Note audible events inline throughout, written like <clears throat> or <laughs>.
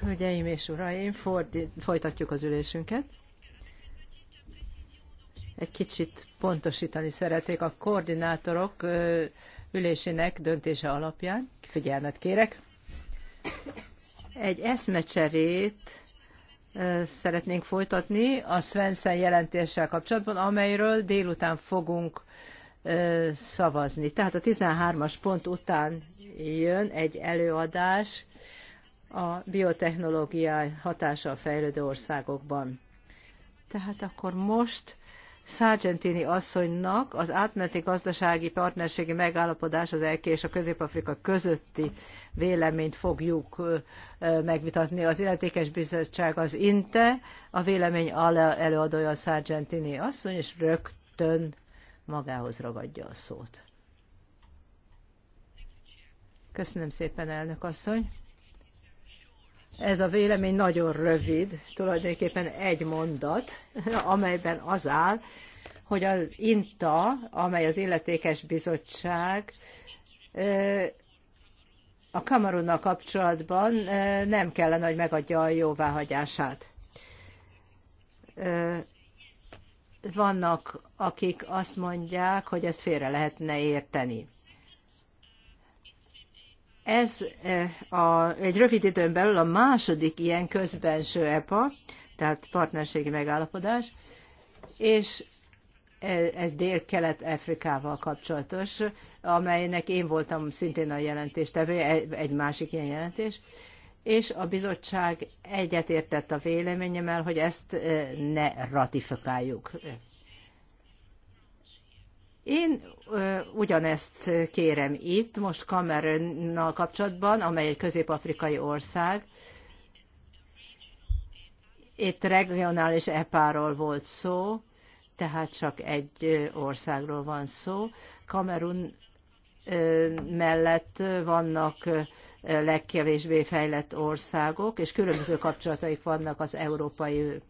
Hölgyeim és uraim, folytatjuk az ülésünket. Egy kicsit pontosítani szeretnék a koordinátorok ülésének döntése alapján. Figyelmet kérek. Egy eszmecserét szeretnénk folytatni a Svensson jelentéssel kapcsolatban, amelyről délután fogunk szavazni. Tehát a 13-as pont után jön egy előadás a biotechnológia hatása a fejlődő országokban. Tehát akkor most Sargentini asszonynak az átmeneti gazdasági partnerségi megállapodás az EK és a Közép-Afrika közötti véleményt fogjuk megvitatni. Az illetékes bizottság az INTE, a vélemény előadója a Sargentini asszony, és rögtön magához ragadja a szót. Köszönöm szépen, elnök asszony. Ez a vélemény nagyon rövid, tulajdonképpen egy mondat, <laughs> amelyben az áll, hogy az INTA, amely az illetékes bizottság, a kamarunnal kapcsolatban nem kellene, hogy megadja a jóváhagyását vannak, akik azt mondják, hogy ezt félre lehetne érteni. Ez eh, a, egy rövid időn belül a második ilyen közbenső EPA, tehát partnerségi megállapodás, és eh, ez Dél-Kelet-Afrikával kapcsolatos, amelynek én voltam szintén a jelentéstevője, egy másik ilyen jelentés, és a bizottság egyetértett a véleményemmel, hogy ezt ne ratifikáljuk. Én ö, ugyanezt kérem itt, most Kamerunnal kapcsolatban, amely egy közép-afrikai ország. Itt regionális epáról volt szó, tehát csak egy országról van szó. Kamerun mellett vannak legkevésbé fejlett országok, és különböző kapcsolataik vannak az Európai,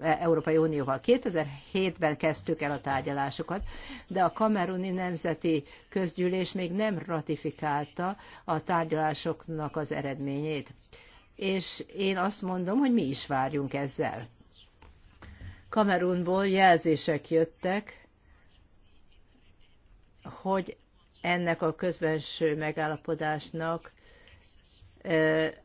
e, Európai Unióval. 2007-ben kezdtük el a tárgyalásokat, de a kameruni nemzeti közgyűlés még nem ratifikálta a tárgyalásoknak az eredményét. És én azt mondom, hogy mi is várjunk ezzel. Kamerunból jelzések jöttek, hogy ennek a közbenső megállapodásnak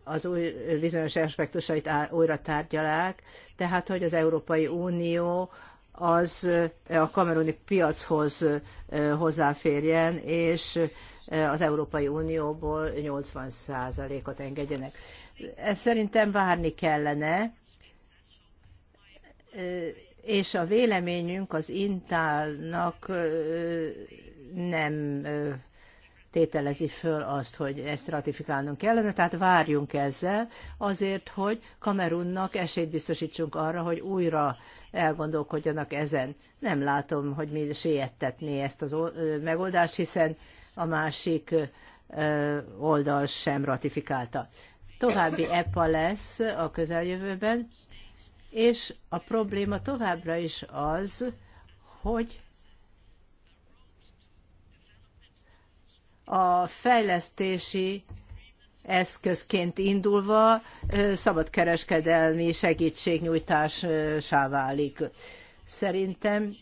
az új bizonyos aspektusait újra tárgyalák, tehát hogy az Európai Unió az a kameruni piachoz hozzáférjen, és az Európai Unióból 80%-ot engedjenek. Ezt szerintem várni kellene, és a véleményünk az intálnak nem tételezi föl azt, hogy ezt ratifikálnunk kellene, tehát várjunk ezzel azért, hogy Kamerunnak esélyt biztosítsunk arra, hogy újra elgondolkodjanak ezen. Nem látom, hogy mi siettetné ezt az megoldást, hiszen a másik oldal sem ratifikálta. További EPA lesz a közeljövőben, és a probléma továbbra is az, hogy a fejlesztési eszközként indulva szabadkereskedelmi segítségnyújtásá válik. Szerintem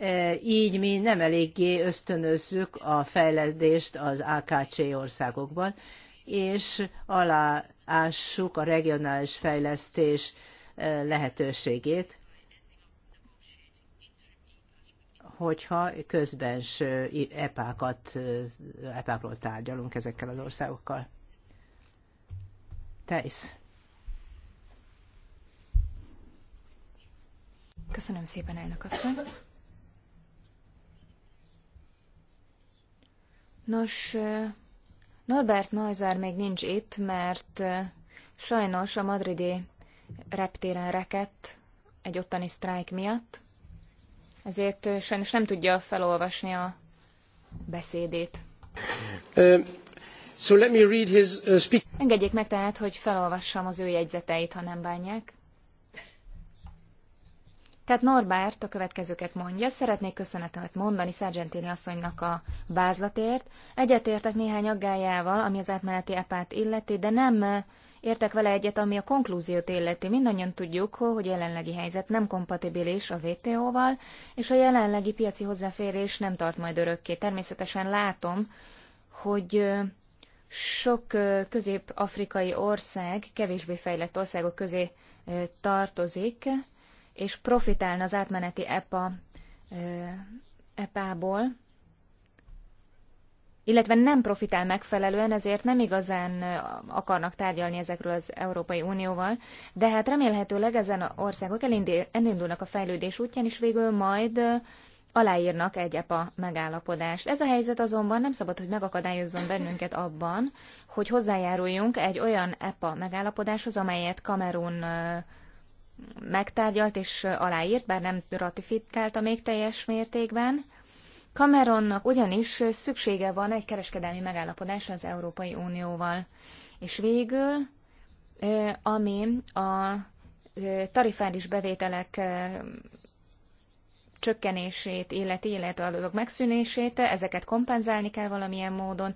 e, így mi nem eléggé ösztönözzük a fejlesztést az AKC országokban, és aláássuk a regionális fejlesztés e, lehetőségét, hogyha közben epákat, epákról tárgyalunk ezekkel az országokkal. Tejsz. Köszönöm szépen, elnök asszony. Nos, Norbert Neuser még nincs itt, mert sajnos a madridi reptéren rekett egy ottani sztrájk miatt, ezért sajnos nem tudja felolvasni a beszédét. Uh, so let me read his, uh, speak- Engedjék meg tehát, hogy felolvassam az ő jegyzeteit, ha nem bánják. Tehát Norbert a következőket mondja. Szeretnék köszönetet mondani Sargentini asszonynak a vázlatért. Egyetértek néhány aggájával, ami az átmeneti epát illeti, de nem Értek vele egyet, ami a konklúziót illeti. Mindannyian tudjuk, hogy a jelenlegi helyzet nem kompatibilis a WTO-val, és a jelenlegi piaci hozzáférés nem tart majd örökké. Természetesen látom, hogy sok közép-afrikai ország kevésbé fejlett országok közé tartozik, és profitálna az átmeneti EPA, EPA-ból, illetve nem profitál megfelelően, ezért nem igazán akarnak tárgyalni ezekről az Európai Unióval, de hát remélhetőleg ezen a országok elindulnak a fejlődés útján, és végül majd aláírnak egy EPA megállapodást. Ez a helyzet azonban nem szabad, hogy megakadályozzon bennünket abban, hogy hozzájáruljunk egy olyan EPA megállapodáshoz, amelyet Kamerun megtárgyalt és aláírt, bár nem ratifikálta még teljes mértékben, Cameronnak ugyanis szüksége van egy kereskedelmi megállapodásra az Európai Unióval. És végül, ami a tarifális bevételek csökkenését, illeti, illetve adatok megszűnését, ezeket kompenzálni kell valamilyen módon,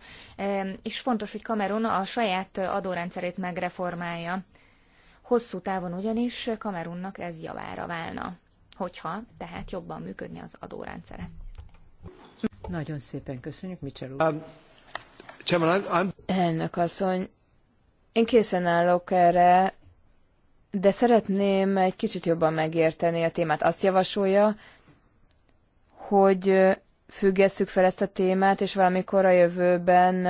és fontos, hogy Kamerun a saját adórendszerét megreformálja. Hosszú távon ugyanis Kamerunnak ez javára válna, hogyha tehát jobban működne az adórendszere. Nagyon szépen köszönjük, Mitchell úr. Um, Chairman, I'm, I'm... Elnök asszony, én készen állok erre, de szeretném egy kicsit jobban megérteni a témát. Azt javasolja, hogy függesszük fel ezt a témát, és valamikor a jövőben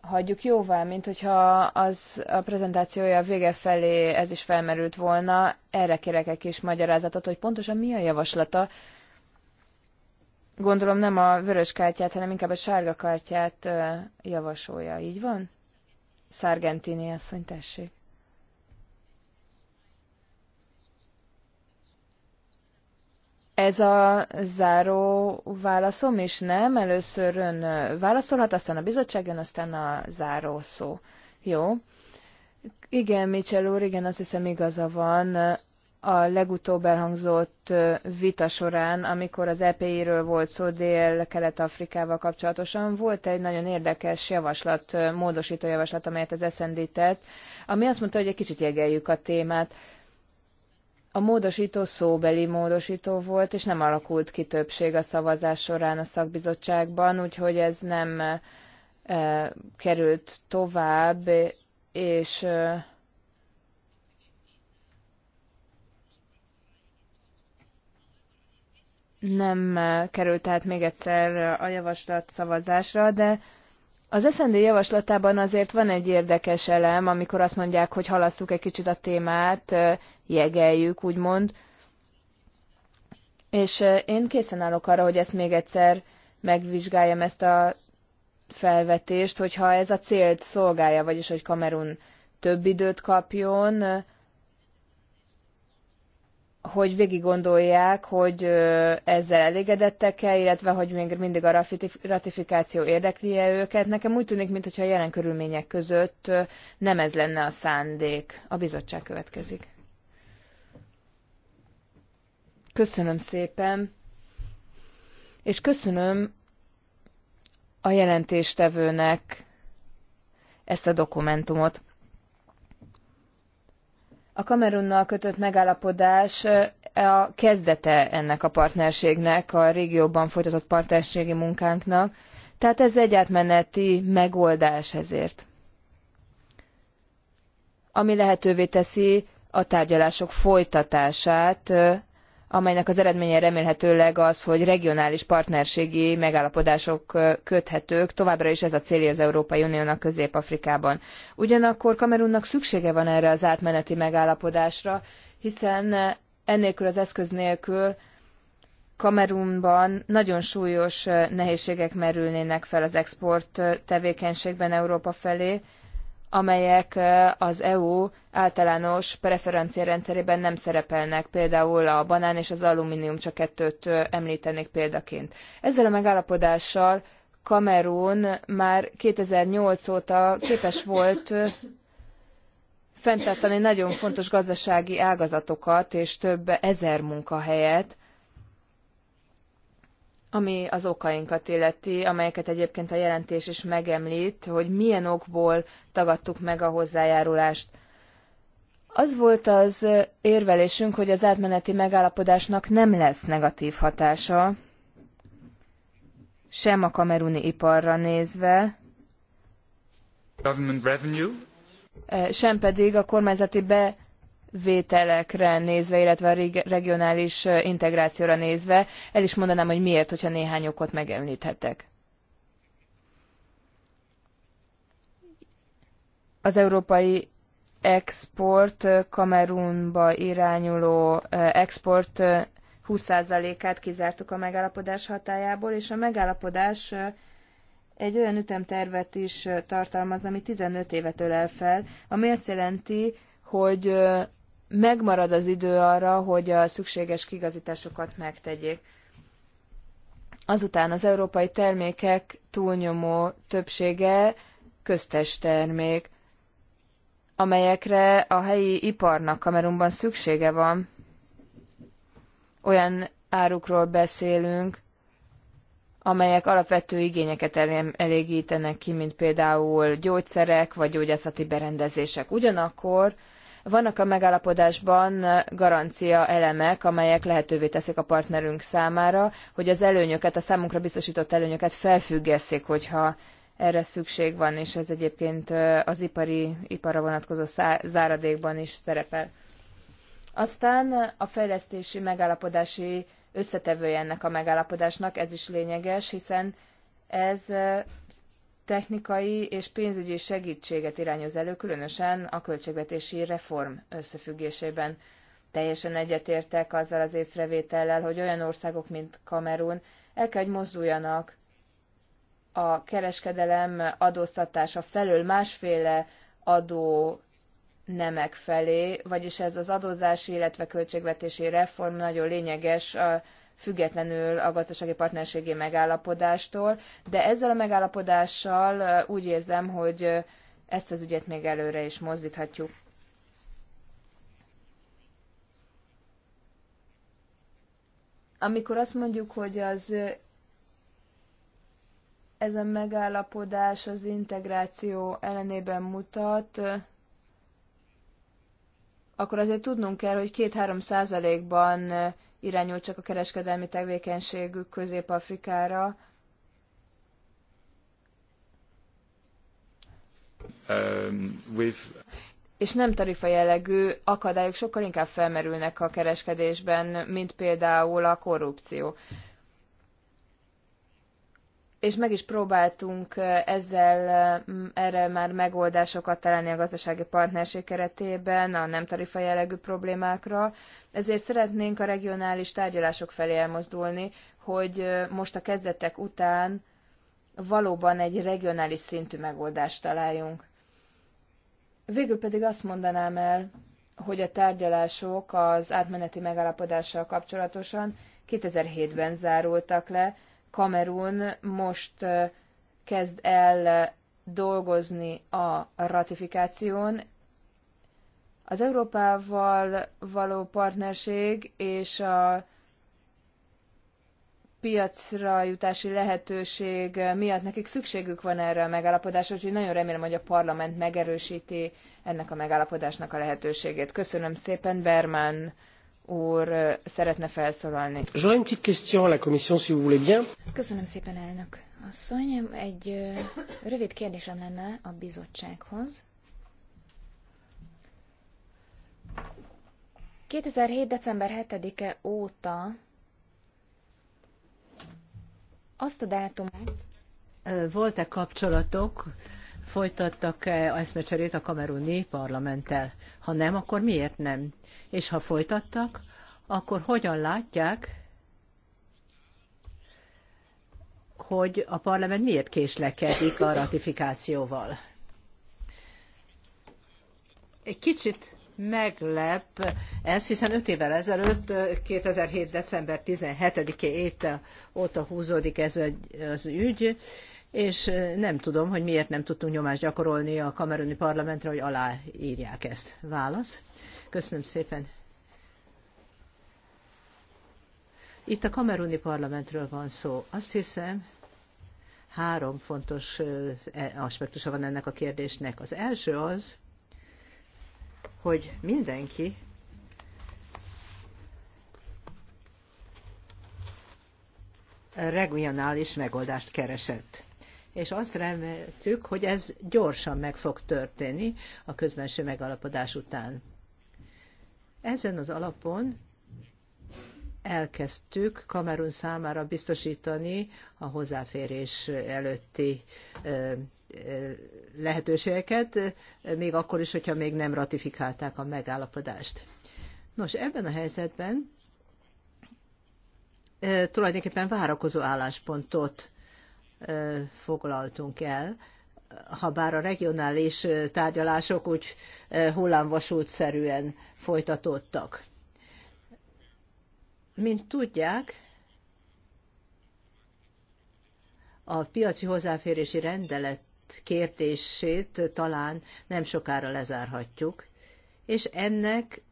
hagyjuk jóvá, mint hogyha az a prezentációja vége felé ez is felmerült volna. Erre kérek egy kis magyarázatot, hogy pontosan mi a javaslata, gondolom nem a vörös kártyát, hanem inkább a sárga kártyát javasolja. Így van? Szargentini asszony, tessék. Ez a záró válaszom, és nem először ön válaszolhat, aztán a bizottság jön, aztán a záró szó. Jó. Igen, Mitchell úr, igen, azt hiszem igaza van a legutóbb elhangzott vita során, amikor az EPI-ről volt szó Dél-Kelet-Afrikával kapcsolatosan, volt egy nagyon érdekes javaslat, módosító javaslat, amelyet az SND tett, ami azt mondta, hogy egy kicsit jegeljük a témát. A módosító szóbeli módosító volt, és nem alakult ki többség a szavazás során a szakbizottságban, úgyhogy ez nem e, került tovább, és e, nem eh, került tehát még egyszer a javaslat szavazásra, de az SND javaslatában azért van egy érdekes elem, amikor azt mondják, hogy halasszuk egy kicsit a témát, eh, jegeljük, úgymond. És eh, én készen állok arra, hogy ezt még egyszer megvizsgáljam ezt a felvetést, hogyha ez a célt szolgálja, vagyis hogy Kamerun több időt kapjon, hogy végig gondolják, hogy ezzel elégedettek-e, illetve hogy még mindig a ratifikáció érdekli -e őket. Nekem úgy tűnik, mintha a jelen körülmények között nem ez lenne a szándék. A bizottság következik. Köszönöm szépen, és köszönöm a jelentéstevőnek ezt a dokumentumot. A Kamerunnal kötött megállapodás a kezdete ennek a partnerségnek, a régióban folytatott partnerségi munkánknak, tehát ez egy átmeneti megoldás ezért, ami lehetővé teszi a tárgyalások folytatását amelynek az eredménye remélhetőleg az, hogy regionális partnerségi megállapodások köthetők, továbbra is ez a célja az Európai Uniónak Közép-Afrikában. Ugyanakkor Kamerunnak szüksége van erre az átmeneti megállapodásra, hiszen ennélkül az eszköz nélkül Kamerunban nagyon súlyos nehézségek merülnének fel az export tevékenységben Európa felé, amelyek az EU általános preferenciarendszerében nem szerepelnek, például a banán és az alumínium, csak kettőt említenék példaként. Ezzel a megállapodással Kamerun már 2008 óta képes volt fenntartani nagyon fontos gazdasági ágazatokat és több ezer munkahelyet, ami az okainkat illeti, amelyeket egyébként a jelentés is megemlít, hogy milyen okból tagadtuk meg a hozzájárulást. Az volt az érvelésünk, hogy az átmeneti megállapodásnak nem lesz negatív hatása, sem a kameruni iparra nézve, sem pedig a kormányzati be vételekre nézve, illetve a regionális integrációra nézve, el is mondanám, hogy miért, hogyha néhány okot megemlíthetek. Az európai export, Kamerunba irányuló export 20%-át kizártuk a megállapodás hatájából, és a megállapodás egy olyan ütemtervet is tartalmaz, ami 15 évet ölel fel, ami azt jelenti, hogy megmarad az idő arra, hogy a szükséges kigazításokat megtegyék. Azután az európai termékek túlnyomó többsége köztes termék, amelyekre a helyi iparnak Kamerunban szüksége van. Olyan árukról beszélünk, amelyek alapvető igényeket elégítenek ki, mint például gyógyszerek vagy gyógyászati berendezések. Ugyanakkor vannak a megállapodásban garancia elemek, amelyek lehetővé teszik a partnerünk számára, hogy az előnyöket, a számunkra biztosított előnyöket felfüggesszék, hogyha erre szükség van, és ez egyébként az ipari, iparra vonatkozó záradékban is szerepel. Aztán a fejlesztési megállapodási összetevője ennek a megállapodásnak, ez is lényeges, hiszen ez technikai és pénzügyi segítséget irányoz elő, különösen a költségvetési reform összefüggésében. Teljesen egyetértek azzal az észrevétellel, hogy olyan országok, mint Kamerun el kell, hogy mozduljanak a kereskedelem adóztatása felől másféle adó nemek felé, vagyis ez az adózási, illetve költségvetési reform nagyon lényeges függetlenül a gazdasági partnerségi megállapodástól, de ezzel a megállapodással úgy érzem, hogy ezt az ügyet még előre is mozdíthatjuk. Amikor azt mondjuk, hogy az ez a megállapodás az integráció ellenében mutat, akkor azért tudnunk kell, hogy 2-3 százalékban irányult csak a kereskedelmi tevékenységük Közép-Afrikára. Um, with... És nem tarifa jellegű akadályok sokkal inkább felmerülnek a kereskedésben, mint például a korrupció és meg is próbáltunk eh, ezzel mm, erre már megoldásokat találni a gazdasági partnerség keretében a nem tarifa jellegű problémákra, ezért szeretnénk a regionális tárgyalások felé elmozdulni, hogy most a kezdetek után valóban egy regionális szintű megoldást találjunk. Végül pedig azt mondanám el, hogy a tárgyalások az átmeneti megállapodással kapcsolatosan 2007-ben zárultak le. Kamerun most kezd el dolgozni a ratifikáción, az Európával való partnerség és a piacra jutási lehetőség miatt nekik szükségük van erre a megállapodásra, úgyhogy nagyon remélem, hogy a parlament megerősíti ennek a megállapodásnak a lehetőségét. Köszönöm szépen, Berman úr szeretne felszólalni. Köszönöm szépen, elnök asszony. Egy rövid kérdésem lenne a bizottsághoz. 2007. december 7-e óta azt a dátumot... Voltak -e kapcsolatok, folytattak-e eszmecserét a kameruni parlamenttel? Ha nem, akkor miért nem? És ha folytattak, akkor hogyan látják, hogy a parlament miért késlekedik a ratifikációval? Egy kicsit meglep ez, hiszen 5 évvel ezelőtt, 2007. december 17-e éte óta húzódik ez az ügy, és nem tudom, hogy miért nem tudtunk nyomást gyakorolni a kameruni parlamentre, hogy aláírják ezt. Válasz. Köszönöm szépen. Itt a kameruni parlamentről van szó. Azt hiszem, három fontos e, aspektusa van ennek a kérdésnek. Az első az, hogy mindenki regionális megoldást keresett. És azt reméltük, hogy ez gyorsan meg fog történni a közbenső megalapodás után. Ezen az alapon elkezdtük Kamerun számára biztosítani a hozzáférés előtti lehetőségeket, még akkor is, hogyha még nem ratifikálták a megállapodást. Nos, ebben a helyzetben tulajdonképpen várakozó álláspontot foglaltunk el, ha bár a regionális tárgyalások úgy hullámvasútszerűen folytatódtak. Mint tudják, a piaci hozzáférési rendelet kérdését talán nem sokára lezárhatjuk, és ennek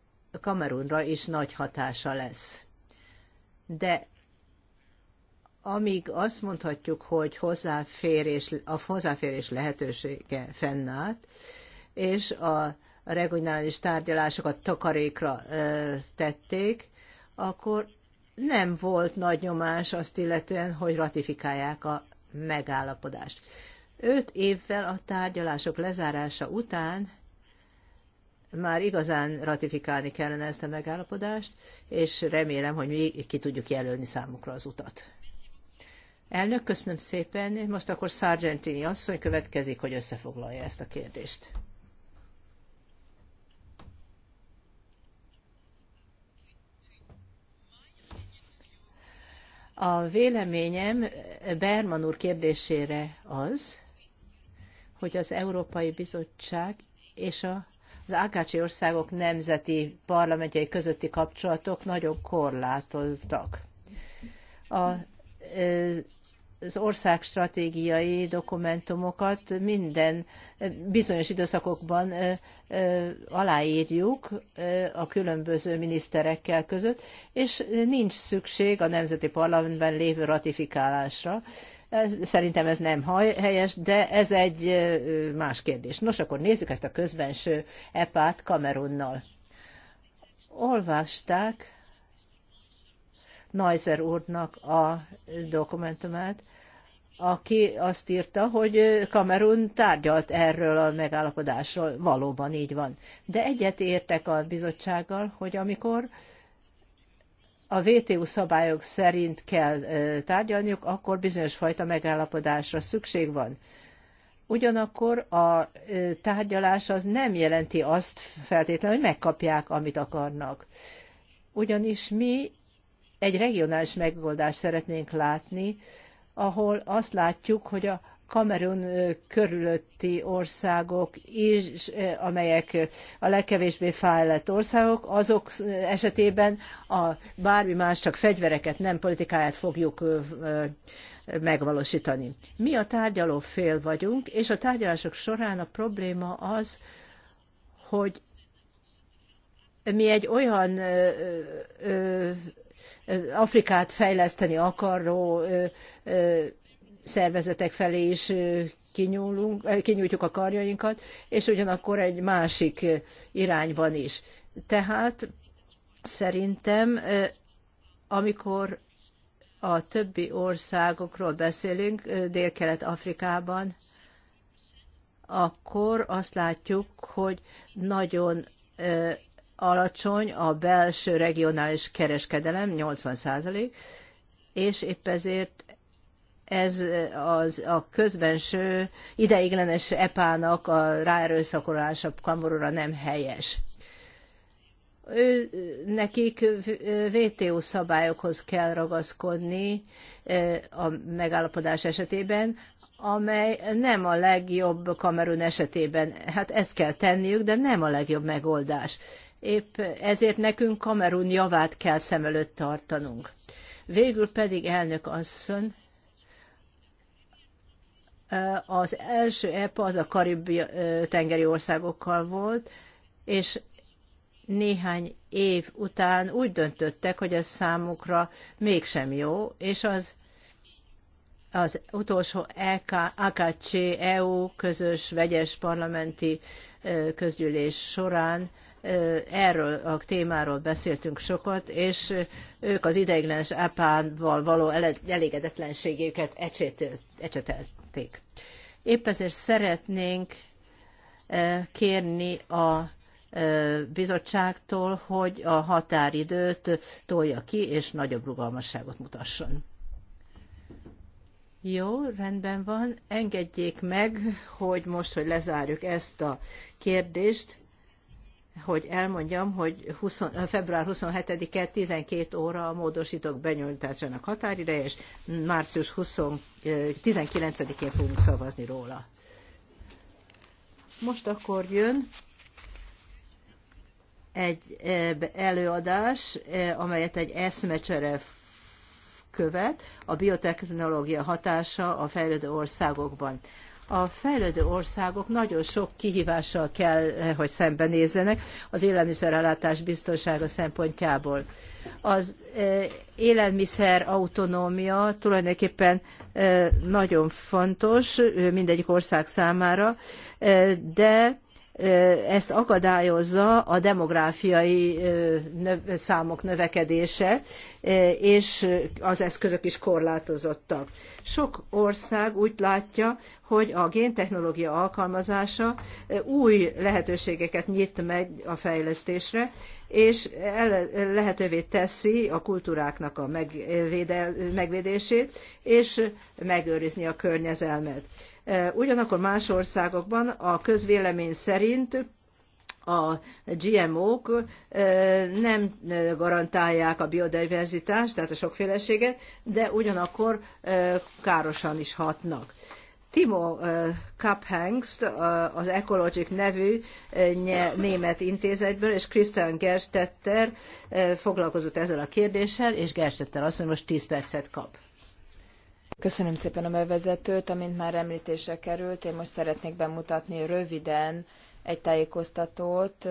Kamerunra is nagy hatása lesz. De amíg azt mondhatjuk, hogy hozzáférés, a hozzáférés lehetősége fennállt, és a regionális tárgyalásokat takarékra tették, akkor nem volt nagy nyomás azt illetően, hogy ratifikálják a megállapodást. Öt évvel a tárgyalások lezárása után már igazán ratifikálni kellene ezt a megállapodást, és remélem, hogy mi ki tudjuk jelölni számukra az utat. Elnök, köszönöm szépen. Most akkor Sargentini asszony következik, hogy összefoglalja ezt a kérdést. A véleményem Berman úr kérdésére az, hogy az Európai Bizottság és a, az Ákácsi országok nemzeti parlamentjei közötti kapcsolatok nagyon korlátoztak. A, az ország stratégiai dokumentumokat minden bizonyos időszakokban aláírjuk a különböző miniszterekkel között, és nincs szükség a nemzeti parlamentben lévő ratifikálásra. Szerintem ez nem helyes, de ez egy más kérdés. Nos, akkor nézzük ezt a közbenső epát Kamerunnal. Olvasták Neuser úrnak a dokumentumát, aki azt írta, hogy Kamerun tárgyalt erről a megállapodásról. Valóban így van. De egyet értek a bizottsággal, hogy amikor uh, a WTO szabályok szerint kell tárgyalniuk, akkor bizonyos fajta megállapodásra szükség van. Ugyanakkor a tárgyalás az nem jelenti azt feltétlenül, hogy megkapják, amit akarnak. Ugyanis mi egy regionális megoldást szeretnénk látni, ahol azt látjuk, hogy a Kamerun körülötti országok is, amelyek a legkevésbé fejlett országok, azok esetében a bármi más, csak fegyvereket, nem politikáját fogjuk megvalósítani. Mi a tárgyaló fél vagyunk, és a tárgyalások során a probléma az, hogy mi egy olyan ö, ö, Afrikát fejleszteni akaró ö, ö, szervezetek felé is kinyúlunk, kinyújtjuk a karjainkat, és ugyanakkor egy másik irányban is. Tehát szerintem, amikor a többi országokról beszélünk, Dél-Kelet-Afrikában, akkor azt látjuk, hogy nagyon alacsony a belső regionális kereskedelem, 80 százalék, és épp ezért ez az, a közbenső ideiglenes epának a ráerőszakolása kamarúra nem helyes. Ő, nekik VTO szabályokhoz kell ragaszkodni e, a megállapodás esetében, amely nem a legjobb Kamerun esetében. Hát ezt kell tenniük, de nem a legjobb megoldás. Épp ezért nekünk Kamerun javát kell szem előtt tartanunk. Végül pedig elnök asszony, az első EPA az a Karibi tengeri országokkal volt, és néhány év után úgy döntöttek, hogy ez számukra mégsem jó, és az az utolsó EK, AKC EU közös vegyes parlamenti közgyűlés során erről a témáról beszéltünk sokat, és ők az ideiglenes e apával való elégedetlenségüket ecsetelték megtették. Épp ezért szeretnénk eh, kérni a eh, bizottságtól, hogy a határidőt tolja ki, és nagyobb rugalmasságot mutasson. Jó, rendben van. Engedjék meg, hogy most, hogy lezárjuk ezt a kérdést, hogy elmondjam, hogy 20, február 27-e 12 óra a módosítók benyújtásának határideje, és március 19-én eh, fogunk szavazni róla. Most akkor jön egy eh, előadás, eh, amelyet egy eszmecsere követ, a biotechnológia hatása a fejlődő országokban. A fejlődő országok nagyon sok kihívással kell, eh, hogy szembenézzenek az élelmiszerellátás biztonsága szempontjából. Az eh, élelmiszer autonómia tulajdonképpen eh, nagyon fontos mindegyik ország számára, de ezt akadályozza a demográfiai számok növekedése, E, és az eszközök is korlátozottak. Sok ország úgy látja, hogy a géntechnológia alkalmazása e, új lehetőségeket nyit meg a fejlesztésre, és lehetővé teszi a kultúráknak a megvédését, és megőrizni a környezelmet. E, ugyanakkor más országokban a közvélemény szerint a GMO-k nem garantálják a biodiverzitást, tehát a sokféleséget, de ugyanakkor károsan is hatnak. Timo Kaphengst az Ecologic nevű német intézetből, és Christian Gerstetter foglalkozott ezzel a kérdéssel, és Gerstetter azt mondja, most 10 percet kap. Köszönöm szépen a bevezetőt, amint már említése került. Én most szeretnék bemutatni röviden egy tájékoztatót.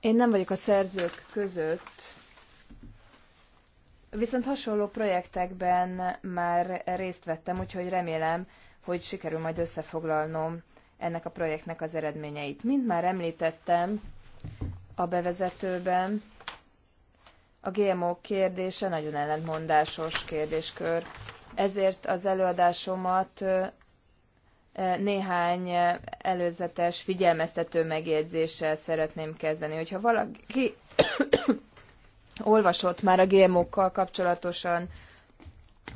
Én nem vagyok a szerzők között, viszont hasonló projektekben már részt vettem, úgyhogy remélem, hogy sikerül majd összefoglalnom ennek a projektnek az eredményeit. Mint már említettem a bevezetőben, a GMO kérdése nagyon ellentmondásos kérdéskör. Ezért az előadásomat néhány eh, előzetes figyelmeztető megjegyzéssel szeretném kezdeni. Hogyha valaki <coughs> olvasott már a GMO-kkal kapcsolatosan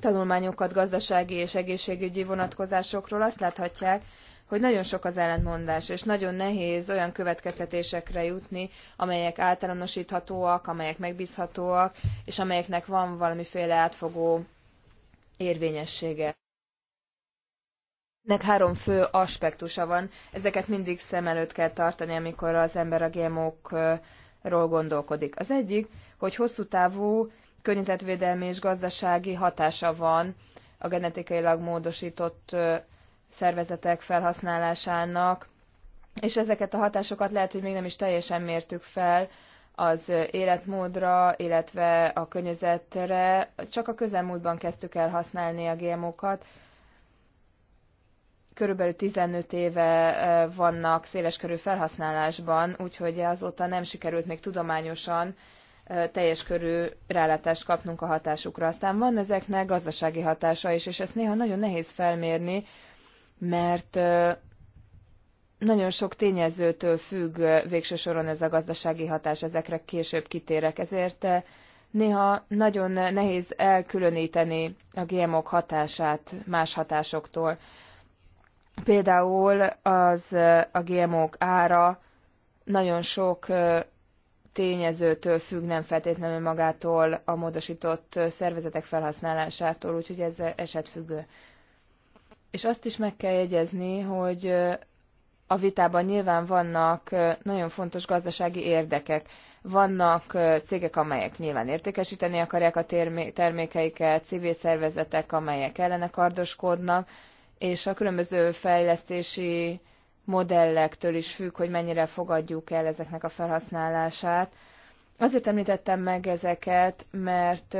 tanulmányokat gazdasági és egészségügyi vonatkozásokról, azt láthatják, hogy nagyon sok az ellentmondás, és nagyon nehéz olyan következtetésekre jutni, amelyek általánosíthatóak, amelyek megbízhatóak, és amelyeknek van valamiféle átfogó érvényessége. Ennek három fő aspektusa van. Ezeket mindig szem előtt kell tartani, amikor az ember a GMO-król gondolkodik. Az egyik, hogy hosszú távú környezetvédelmi és gazdasági hatása van a genetikailag módosított szervezetek felhasználásának, és ezeket a hatásokat lehet, hogy még nem is teljesen mértük fel az életmódra, illetve a környezetre. Csak a közelmúltban kezdtük el használni a GMO-kat, körülbelül 15 éve vannak széleskörű felhasználásban, úgyhogy azóta nem sikerült még tudományosan teljes körű rálátást kapnunk a hatásukra. Aztán van ezeknek gazdasági hatása is, és ezt néha nagyon nehéz felmérni, mert nagyon sok tényezőtől függ végső soron ez a gazdasági hatás, ezekre később kitérek, ezért néha nagyon nehéz elkülöníteni a GMO-k hatását más hatásoktól. Például az a GMO-k ára nagyon sok tényezőtől függ, nem feltétlenül magától a módosított szervezetek felhasználásától, úgyhogy ez esetfüggő. És azt is meg kell jegyezni, hogy a vitában nyilván vannak nagyon fontos gazdasági érdekek. Vannak cégek, amelyek nyilván értékesíteni akarják a termékeiket, civil szervezetek, amelyek ellene kardoskodnak, és a különböző fejlesztési modellektől is függ, hogy mennyire fogadjuk el ezeknek a felhasználását. Azért említettem meg ezeket, mert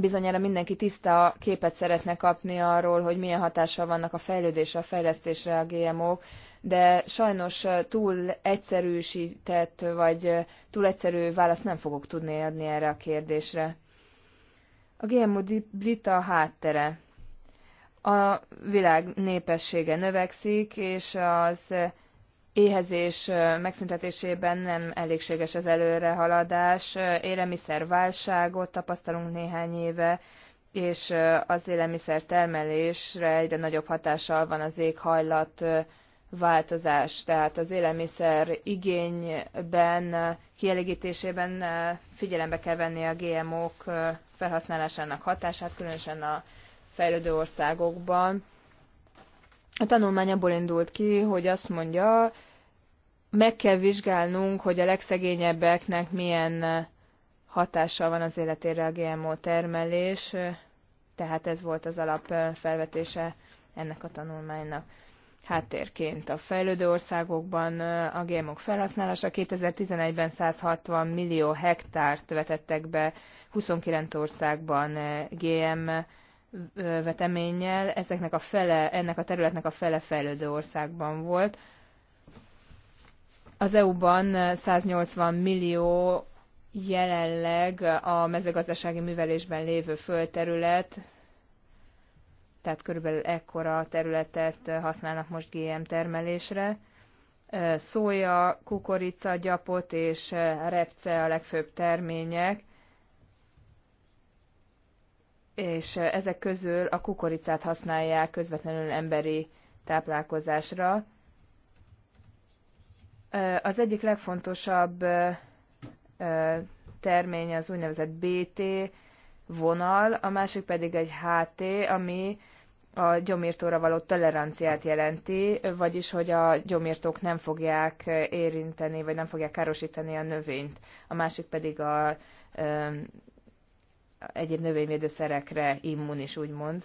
bizonyára mindenki tiszta képet szeretne kapni arról, hogy milyen hatással vannak a fejlődésre, a fejlesztésre a GMO-k, de sajnos túl egyszerűsített, vagy túl egyszerű választ nem fogok tudni adni erre a kérdésre. A GMO Brita háttere a világ népessége növekszik, és az éhezés megszüntetésében nem elégséges az előrehaladás. Élelmiszerválságot tapasztalunk néhány éve, és az élelmiszer termelésre egyre nagyobb hatással van az éghajlat változás. Tehát az élelmiszer igényben, kielégítésében figyelembe kell venni a GMO-k felhasználásának hatását, különösen a fejlődő országokban. A tanulmány abból indult ki, hogy azt mondja, meg kell vizsgálnunk, hogy a legszegényebbeknek milyen hatással van az életére a GMO termelés, tehát ez volt az alapfelvetése ennek a tanulmánynak. Háttérként a fejlődő országokban a gmo felhasználása 2011-ben 160 millió hektárt vetettek be 29 országban GM veteménnyel, ezeknek a fele, ennek a területnek a fele fejlődő országban volt. Az EU-ban 180 millió jelenleg a mezőgazdasági művelésben lévő földterület, tehát körülbelül ekkora területet használnak most GM termelésre. Szója, kukorica, gyapot és repce a legfőbb termények, és ezek közül a kukoricát használják közvetlenül emberi táplálkozásra. Az egyik legfontosabb termény az úgynevezett BT vonal, a másik pedig egy HT, ami a gyomírtóra való toleranciát jelenti, vagyis hogy a gyomírtók nem fogják érinteni, vagy nem fogják károsítani a növényt. A másik pedig a egyéb növényvédőszerekre immunis, úgymond.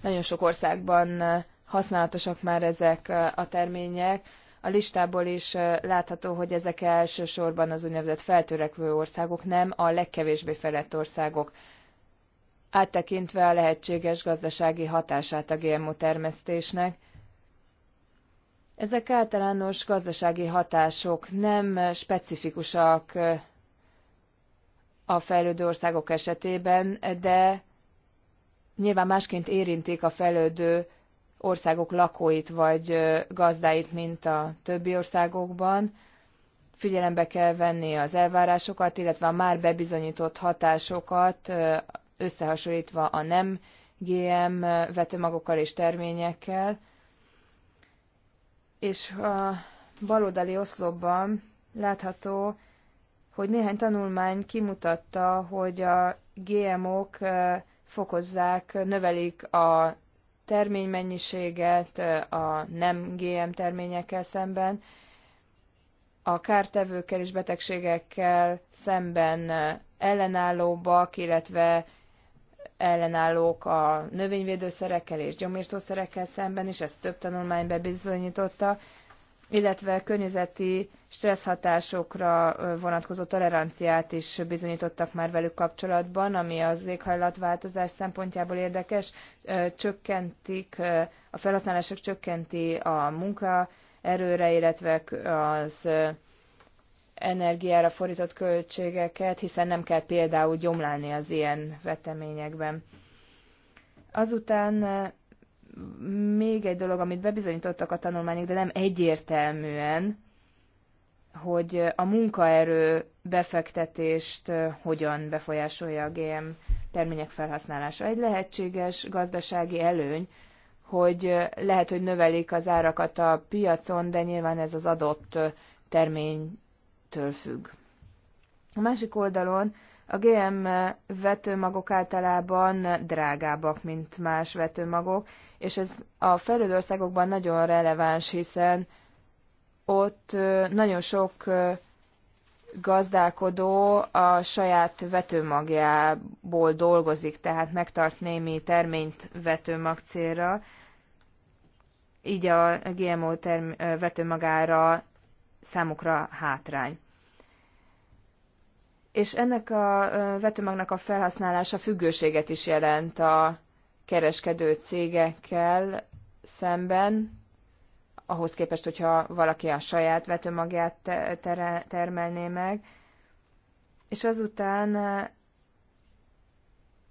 Nagyon sok országban használatosak már ezek a termények. A listából is látható, hogy ezek elsősorban az úgynevezett feltörekvő országok, nem a legkevésbé fejlett országok. Áttekintve a lehetséges gazdasági hatását a GMO termesztésnek, ezek általános gazdasági hatások nem specifikusak a fejlődő országok esetében, de nyilván másként érintik a fejlődő országok lakóit vagy gazdáit, mint a többi országokban. Figyelembe kell venni az elvárásokat, illetve a már bebizonyított hatásokat, összehasonlítva a nem GM vetőmagokkal és terményekkel. És a baloldali oszlopban látható, hogy néhány tanulmány kimutatta, hogy a GMO-k fokozzák, növelik a terménymennyiséget a nem GM terményekkel szemben, a kártevőkkel és betegségekkel szemben ellenállóbbak, illetve ellenállók a növényvédőszerekkel és gyomírtószerekkel szemben, és ezt több tanulmány bebizonyította illetve környezeti stresszhatásokra vonatkozó toleranciát is bizonyítottak már velük kapcsolatban, ami az éghajlatváltozás szempontjából érdekes. Csökkentik, a felhasználások csökkenti a munka erőre illetve az energiára fordított költségeket, hiszen nem kell például gyomlálni az ilyen veteményekben. Azután még egy dolog, amit bebizonyítottak a tanulmányok, de nem egyértelműen, hogy a munkaerő befektetést eh, hogyan befolyásolja a GM termények felhasználása. Egy lehetséges gazdasági előny, hogy eh, lehet, hogy növelik az árakat a piacon, de nyilván ez az adott eh, terménytől függ. A másik oldalon a GM vetőmagok általában drágábbak, mint más vetőmagok, és ez a fejlődő országokban nagyon releváns, hiszen ott nagyon sok gazdálkodó a saját vetőmagjából dolgozik, tehát megtart némi terményt vetőmag célra, így a GMO term- vetőmagára számukra hátrány és ennek a vetőmagnak a felhasználása függőséget is jelent a kereskedő cégekkel szemben, ahhoz képest, hogyha valaki a saját vetőmagját termelné meg, és azután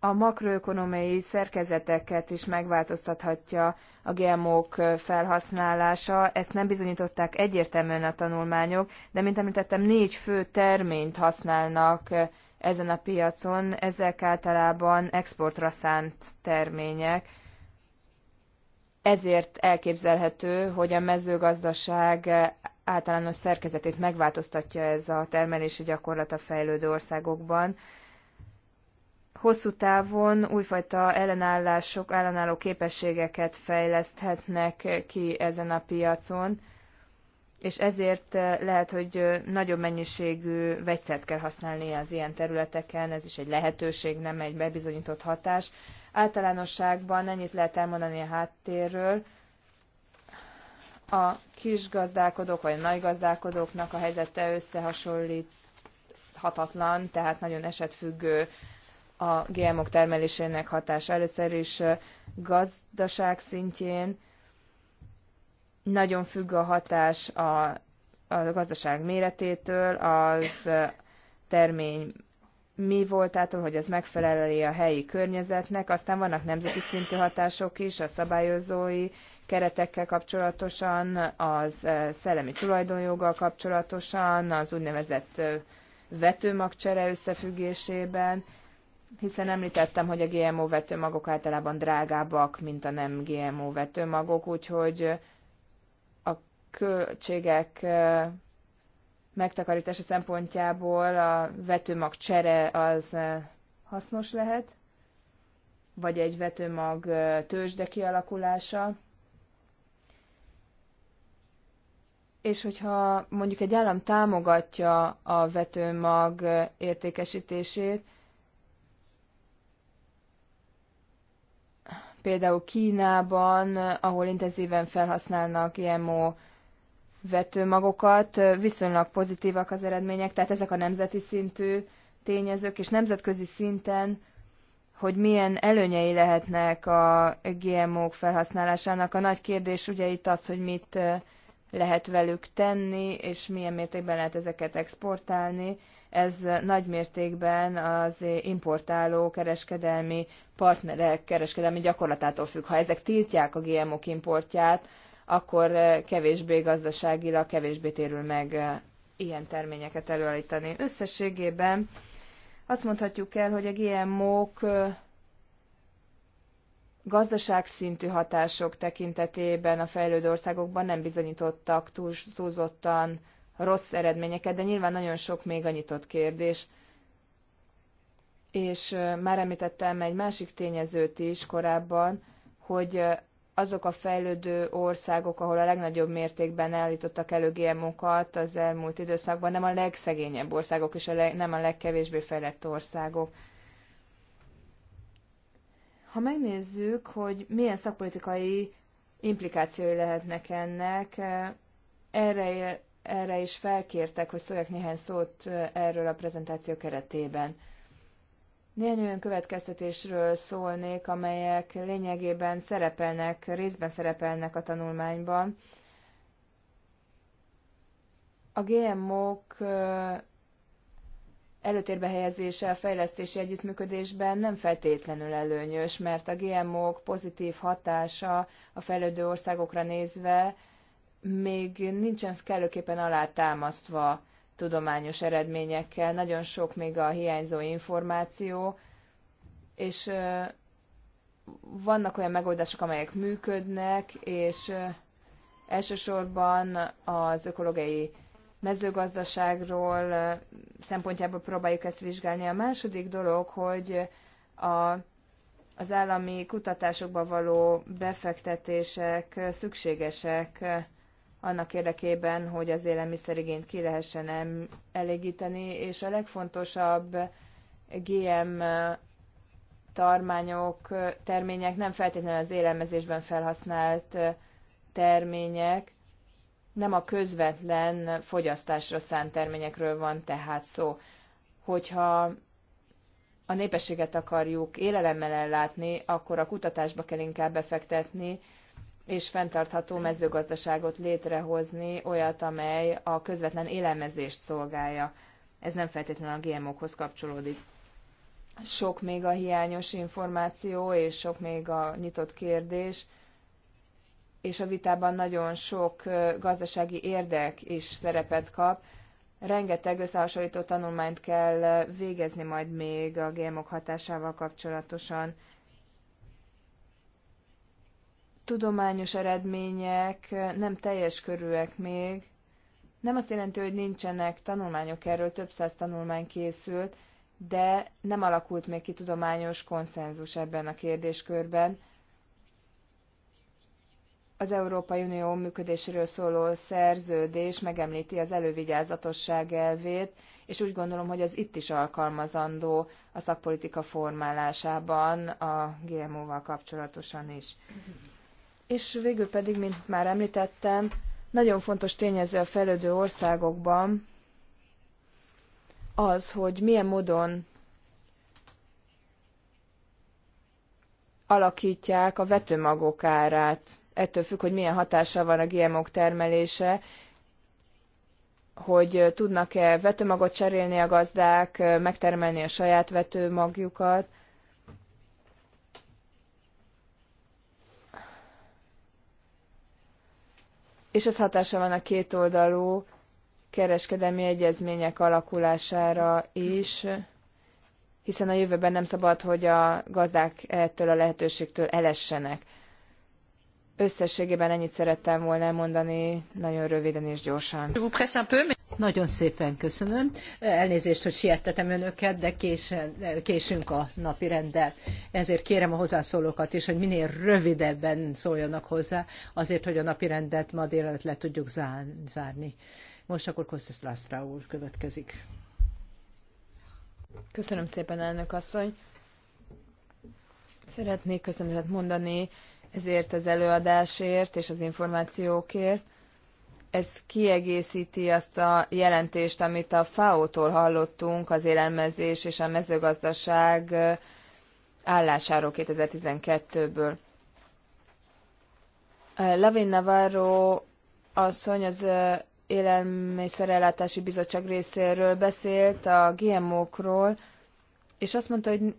a makroökonomiai szerkezeteket is megváltoztathatja a GMO-k felhasználása. Ezt nem bizonyították egyértelműen a tanulmányok, de mint említettem, négy fő terményt használnak ezen a piacon, ezek általában exportra szánt termények. Ezért elképzelhető, hogy a mezőgazdaság általános szerkezetét megváltoztatja ez a termelési gyakorlat a fejlődő országokban hosszú távon újfajta ellenállások, ellenálló képességeket fejleszthetnek ki ezen a piacon, és ezért eh, lehet, hogy eh, nagyobb mennyiségű vegyszert kell használni az ilyen területeken, ez is egy lehetőség, nem egy bebizonyított hatás. Általánosságban ennyit lehet elmondani a háttérről. A kis gazdálkodók vagy a nagy gazdálkodóknak a helyzete összehasonlíthatatlan, hatatlan, tehát nagyon esetfüggő a GMO-k termelésének hatása. Először is gazdaság szintjén nagyon függ a hatás a, a gazdaság méretétől, az termény mi voltától, hogy ez megfeleli a helyi környezetnek, aztán vannak nemzeti szintű hatások is, a szabályozói keretekkel kapcsolatosan, az szellemi tulajdonjoggal kapcsolatosan, az úgynevezett vetőmagcsere összefüggésében, hiszen említettem, hogy a GMO vetőmagok általában drágábbak, mint a nem GMO vetőmagok, úgyhogy a költségek megtakarítása szempontjából a vetőmag csere az hasznos lehet, vagy egy vetőmag tőzsde kialakulása. És hogyha mondjuk egy állam támogatja a vetőmag értékesítését, Például Kínában, ahol intenzíven felhasználnak GMO vetőmagokat, viszonylag pozitívak az eredmények, tehát ezek a nemzeti szintű tényezők, és nemzetközi szinten, hogy milyen előnyei lehetnek a GMO-k felhasználásának. A nagy kérdés ugye itt az, hogy mit eh, lehet velük tenni, és milyen mértékben lehet ezeket exportálni ez nagy mértékben az importáló kereskedelmi partnerek kereskedelmi gyakorlatától függ. Ha ezek tiltják a GMO-k importját, akkor kevésbé gazdaságilag, kevésbé térül meg eh, ilyen terményeket előállítani. Összességében azt mondhatjuk el, hogy a GMO-k eh, gazdaságszintű hatások tekintetében a fejlődő országokban nem bizonyítottak túlzottan rossz eredményeket, de nyilván nagyon sok még annyitott kérdés. És már említettem egy másik tényezőt is korábban, hogy azok a fejlődő országok, ahol a legnagyobb mértékben állítottak elő GMO-kat az elmúlt időszakban, nem a legszegényebb országok és a leg, nem a legkevésbé fejlett országok. Ha megnézzük, hogy milyen szakpolitikai implikációi lehetnek ennek, erre erre is felkértek, hogy szóljak néhány szót erről a prezentáció keretében. Néhány olyan következtetésről szólnék, amelyek lényegében szerepelnek, részben szerepelnek a tanulmányban. A GMO-k előtérbe helyezése a fejlesztési együttműködésben nem feltétlenül előnyös, mert a GMO-k pozitív hatása a fejlődő országokra nézve még nincsen kellőképpen alátámasztva tudományos eredményekkel, nagyon sok még a hiányzó információ, és vannak olyan megoldások, amelyek működnek, és elsősorban az ökológiai mezőgazdaságról szempontjából próbáljuk ezt vizsgálni. A második dolog, hogy a, az állami kutatásokba való befektetések szükségesek annak érdekében, hogy az élelmiszerigényt ki lehessen elégíteni, és a legfontosabb GM tarmányok, termények nem feltétlenül az élelmezésben felhasznált termények, nem a közvetlen fogyasztásra szánt terményekről van tehát szó. Hogyha a népességet akarjuk élelemmel ellátni, akkor a kutatásba kell inkább befektetni, és fenntartható mezőgazdaságot létrehozni, olyat, amely a közvetlen élelmezést szolgálja. Ez nem feltétlenül a GMO-khoz kapcsolódik. Sok még a hiányos információ, és sok még a nyitott kérdés, és a vitában nagyon sok gazdasági érdek is szerepet kap. Rengeteg összehasonlító tanulmányt kell végezni majd még a GMO-k hatásával kapcsolatosan tudományos eredmények nem teljes körűek még. Nem azt jelenti, hogy nincsenek tanulmányok erről, több száz tanulmány készült, de nem alakult még ki tudományos konszenzus ebben a kérdéskörben. Az Európai Unió működéséről szóló szerződés megemlíti az elővigyázatosság elvét, és úgy gondolom, hogy ez itt is alkalmazandó a szakpolitika formálásában a GMO-val kapcsolatosan is. És végül pedig, mint már említettem, nagyon fontos tényező a fejlődő országokban az, hogy milyen módon alakítják a vetőmagok árát. Ettől függ, hogy milyen hatása van a GMO-k termelése, hogy tudnak-e vetőmagot cserélni a gazdák, megtermelni a saját vetőmagjukat – és ez hatása van a kétoldalú kereskedelmi egyezmények alakulására is, hiszen a jövőben nem szabad, hogy a gazdák ettől a lehetőségtől elessenek. Összességében ennyit szerettem volna elmondani, nagyon röviden és gyorsan. Nagyon szépen köszönöm. Elnézést, hogy siettetem önöket, de késen, késünk a napi rendel. Ezért kérem a hozzászólókat is, hogy minél rövidebben szóljanak hozzá, azért, hogy a napi rendet ma délelőtt le tudjuk zárni. Most akkor Kostas Lászra úr következik. Köszönöm szépen, elnök asszony. Szeretnék köszönetet mondani ezért az előadásért és az információkért. Ez kiegészíti azt a jelentést, amit a FAO-tól hallottunk az élelmezés és a mezőgazdaság állásáról 2012-ből. Lavin Navarro asszony az Élelmiszerellátási Bizottság részéről beszélt a GMO-król, és azt mondta, hogy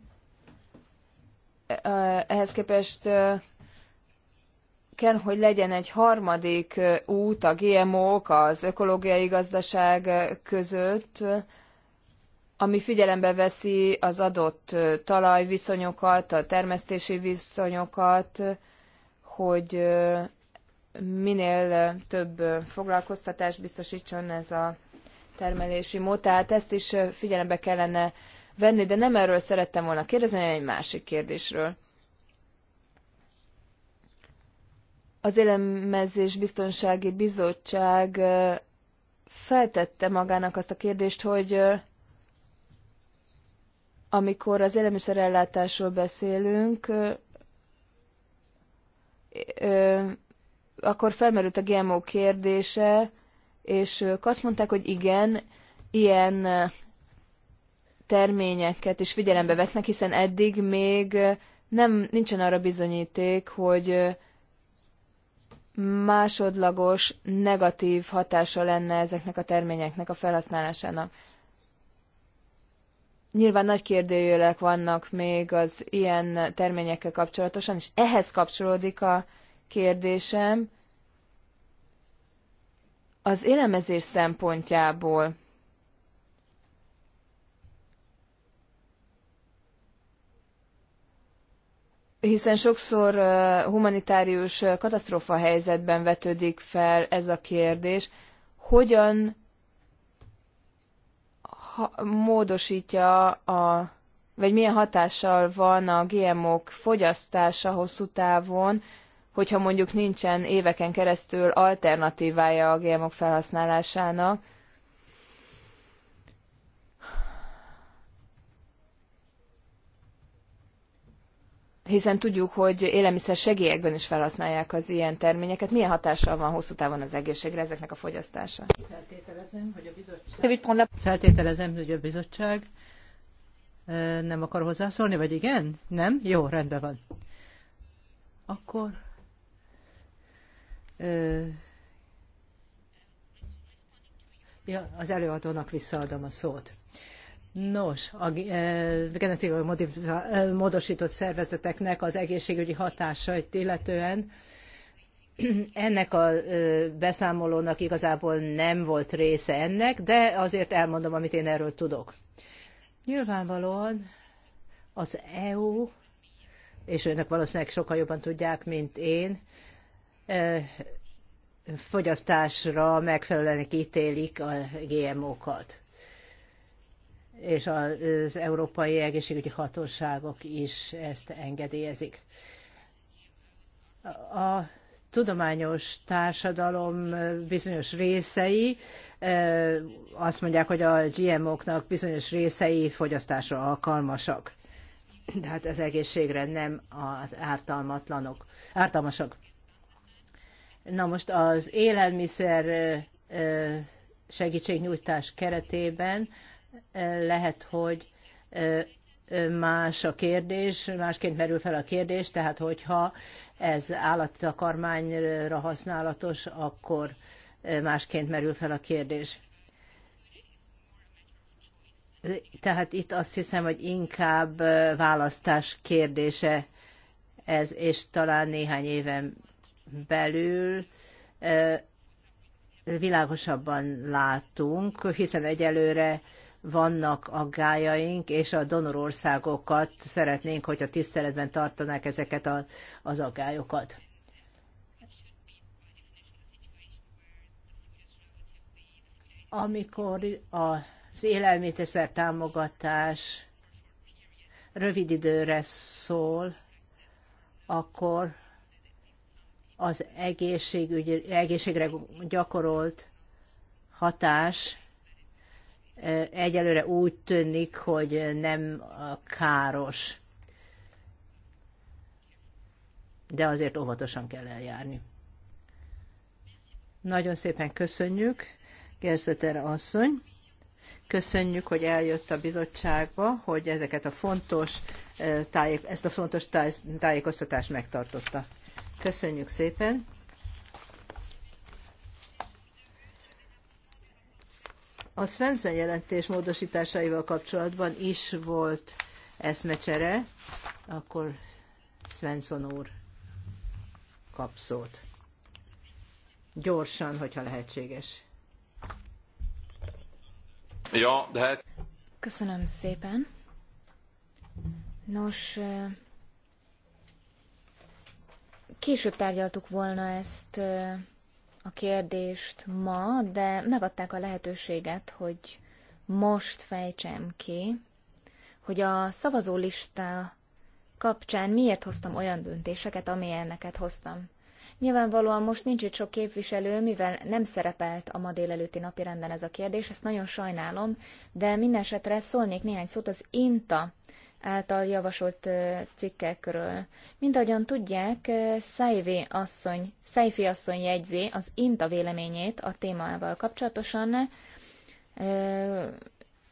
ehhez képest kell, hogy legyen egy harmadik út a GMO-k, az ökológiai gazdaság között, ami figyelembe veszi az adott talajviszonyokat, a termesztési viszonyokat, hogy minél több foglalkoztatást biztosítson ez a termelési mód. Tehát ezt is figyelembe kellene venni, de nem erről szerettem volna kérdezni, hanem egy másik kérdésről. Az Élelmezés Biztonsági Bizottság feltette magának azt a kérdést, hogy amikor az élelmiszerellátásról beszélünk, akkor felmerült a GMO kérdése, és ők azt mondták, hogy igen, ilyen terményeket is figyelembe vesznek, hiszen eddig még nem nincsen arra bizonyíték, hogy másodlagos negatív hatása lenne ezeknek a terményeknek a felhasználásának. Nyilván nagy kérdőjelek vannak még az ilyen terményekkel kapcsolatosan, és ehhez kapcsolódik a kérdésem az élelmezés szempontjából. hiszen sokszor humanitárius katasztrófa helyzetben vetődik fel ez a kérdés, hogyan módosítja a vagy milyen hatással van a GMO-k fogyasztása hosszú távon, hogyha mondjuk nincsen éveken keresztül alternatívája a GMO-k felhasználásának, hiszen tudjuk, hogy élelmiszer segélyekben is felhasználják az ilyen terményeket. Milyen hatással van hosszú távon az egészségre ezeknek a fogyasztása? Feltételezem, hogy a bizottság, Feltételezem, hogy a bizottság nem akar hozzászólni, vagy igen? Nem? Jó, rendben van. Akkor ja, az előadónak visszaadom a szót. Nos, a e, genetikai e, módosított szervezeteknek az egészségügyi hatásait illetően ennek a e, beszámolónak igazából nem volt része ennek, de azért elmondom, amit én erről tudok. Nyilvánvalóan az EU, és önök valószínűleg sokkal jobban tudják, mint én, fogyasztásra megfelelően ítélik a GMO-kat és az Európai Egészségügyi Hatóságok is ezt engedélyezik. A tudományos társadalom bizonyos részei azt mondják, hogy a GMO-knak bizonyos részei fogyasztásra alkalmasak. De hát az egészségre nem az ártalmatlanok, ártalmasak. Na most az élelmiszer segítségnyújtás keretében lehet, hogy más a kérdés, másként merül fel a kérdés, tehát hogyha ez állattakarmányra használatos, akkor másként merül fel a kérdés. Tehát itt azt hiszem, hogy inkább választás kérdése ez, és talán néhány éven belül világosabban látunk, hiszen egyelőre vannak aggájaink, és a donorországokat szeretnénk, hogyha tiszteletben tartanák ezeket a, az aggályokat. Amikor az élelmiszer támogatás rövid időre szól, akkor az egészségügy, egészségre gyakorolt hatás egyelőre úgy tűnik, hogy nem káros. De azért óvatosan kell eljárni. Nagyon szépen köszönjük, Gerszeter asszony. Köszönjük, hogy eljött a bizottságba, hogy ezeket a fontos, eh, tájék, ezt a fontos tájékoztatást megtartotta. Köszönjük szépen. A Svensson jelentés módosításaival kapcsolatban is volt eszmecsere, akkor Svensson úr kap szót. Gyorsan, hogyha lehetséges. Ja, de hát... Köszönöm szépen. Nos, később tárgyaltuk volna ezt a kérdést ma, de megadták a lehetőséget, hogy most fejtsem ki, hogy a szavazólista kapcsán miért hoztam olyan döntéseket, amilyeneket hoztam. Nyilvánvalóan most nincs itt sok képviselő, mivel nem szerepelt a ma délelőtti napi renden ez a kérdés, ezt nagyon sajnálom, de minden esetre szólnék néhány szót az INTA által javasolt cikkekről. Mint ahogyan tudják, Szájfi asszony, Szájfi asszony jegyzi az INTA véleményét a témával kapcsolatosan,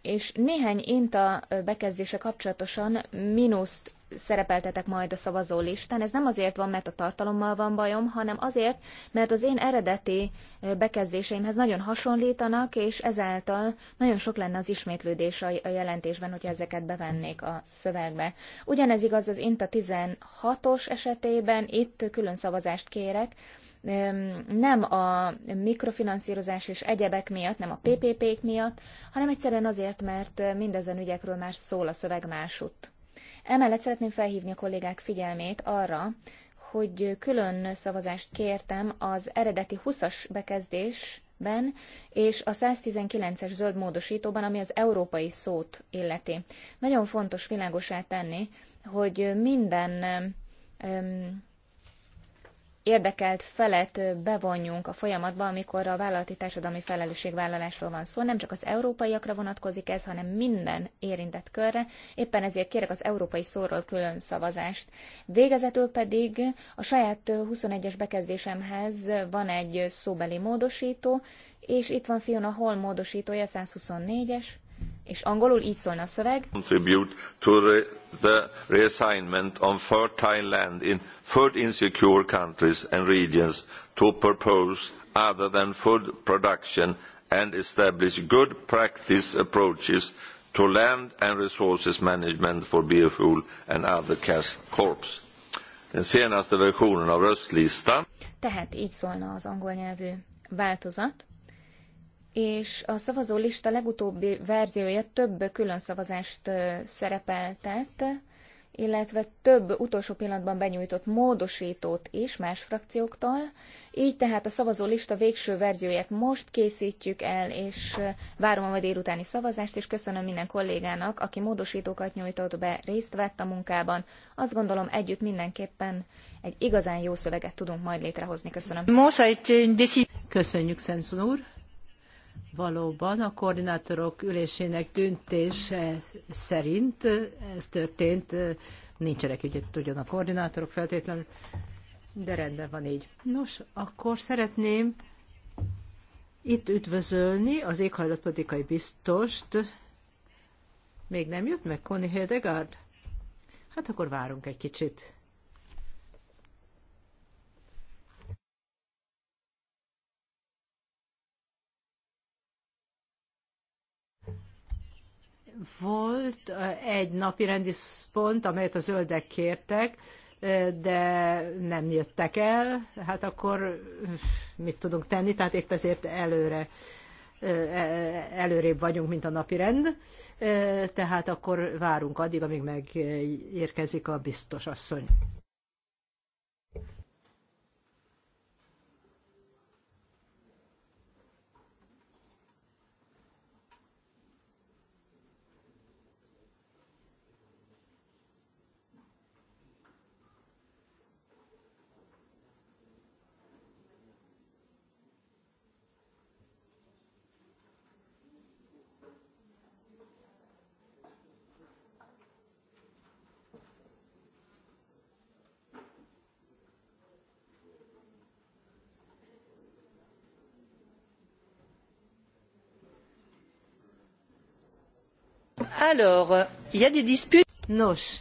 és néhány INTA bekezdése kapcsolatosan mínuszt szerepeltetek majd a szavazó listán. Ez nem azért van, mert a tartalommal van bajom, hanem azért, mert az én eredeti bekezdéseimhez nagyon hasonlítanak, és ezáltal nagyon sok lenne az ismétlődés a jelentésben, hogyha ezeket bevennék a szövegbe. Ugyanez igaz az INTA 16-os esetében, itt külön szavazást kérek, nem a mikrofinanszírozás és egyebek miatt, nem a PPP-k miatt, hanem egyszerűen azért, mert mindezen ügyekről már szól a szöveg másutt. Emellett szeretném felhívni a kollégák figyelmét arra, hogy külön szavazást kértem az eredeti 20-as bekezdésben és a 119-es zöld módosítóban, ami az európai szót illeti. Nagyon fontos világosá tenni, hogy minden érdekelt felet bevonjunk a folyamatba, amikor a vállalati társadalmi felelősségvállalásról van szó. Nem csak az európaiakra vonatkozik ez, hanem minden érintett körre. Éppen ezért kérek az európai szóról külön szavazást. Végezetül pedig a saját 21-es bekezdésemhez van egy szóbeli módosító, és itt van Fiona Hall módosítója, 124-es és angolul így szólna a szöveg. Contribute to the reassignment on fertile land in food insecure countries and regions to propose other than food production and establish good practice approaches to land and resources management for biofuel and other cash corps. Den senaste versionen av röstlistan. Tehát így szólna az angol nyelvű változat és a szavazó lista legutóbbi verziója több külön szavazást szerepeltett, illetve több utolsó pillanatban benyújtott módosítót is más frakcióktól. Így tehát a szavazó lista végső verzióját most készítjük el, és várom a ma délutáni szavazást, és köszönöm minden kollégának, aki módosítókat nyújtott be, részt vett a munkában. Azt gondolom, együtt mindenképpen egy igazán jó szöveget tudunk majd létrehozni. Köszönöm. Köszönjük, Szenzon úr. Valóban a koordinátorok ülésének döntése szerint ez történt, nincsenek ügyet tudjon a koordinátorok feltétlenül, de rendben van így. Nos, akkor szeretném itt üdvözölni az éghajlatpolitikai biztost. Még nem jött meg Connie Hedegaard? Hát akkor várunk egy kicsit. Volt egy napi rendi pont, amelyet a zöldek kértek, de nem jöttek el, hát akkor mit tudunk tenni, tehát épp ezért előre e, előrébb vagyunk, mint a napi rend, tehát akkor várunk addig, amíg megérkezik a biztos asszony. Alors, il y a des disputes. Nos,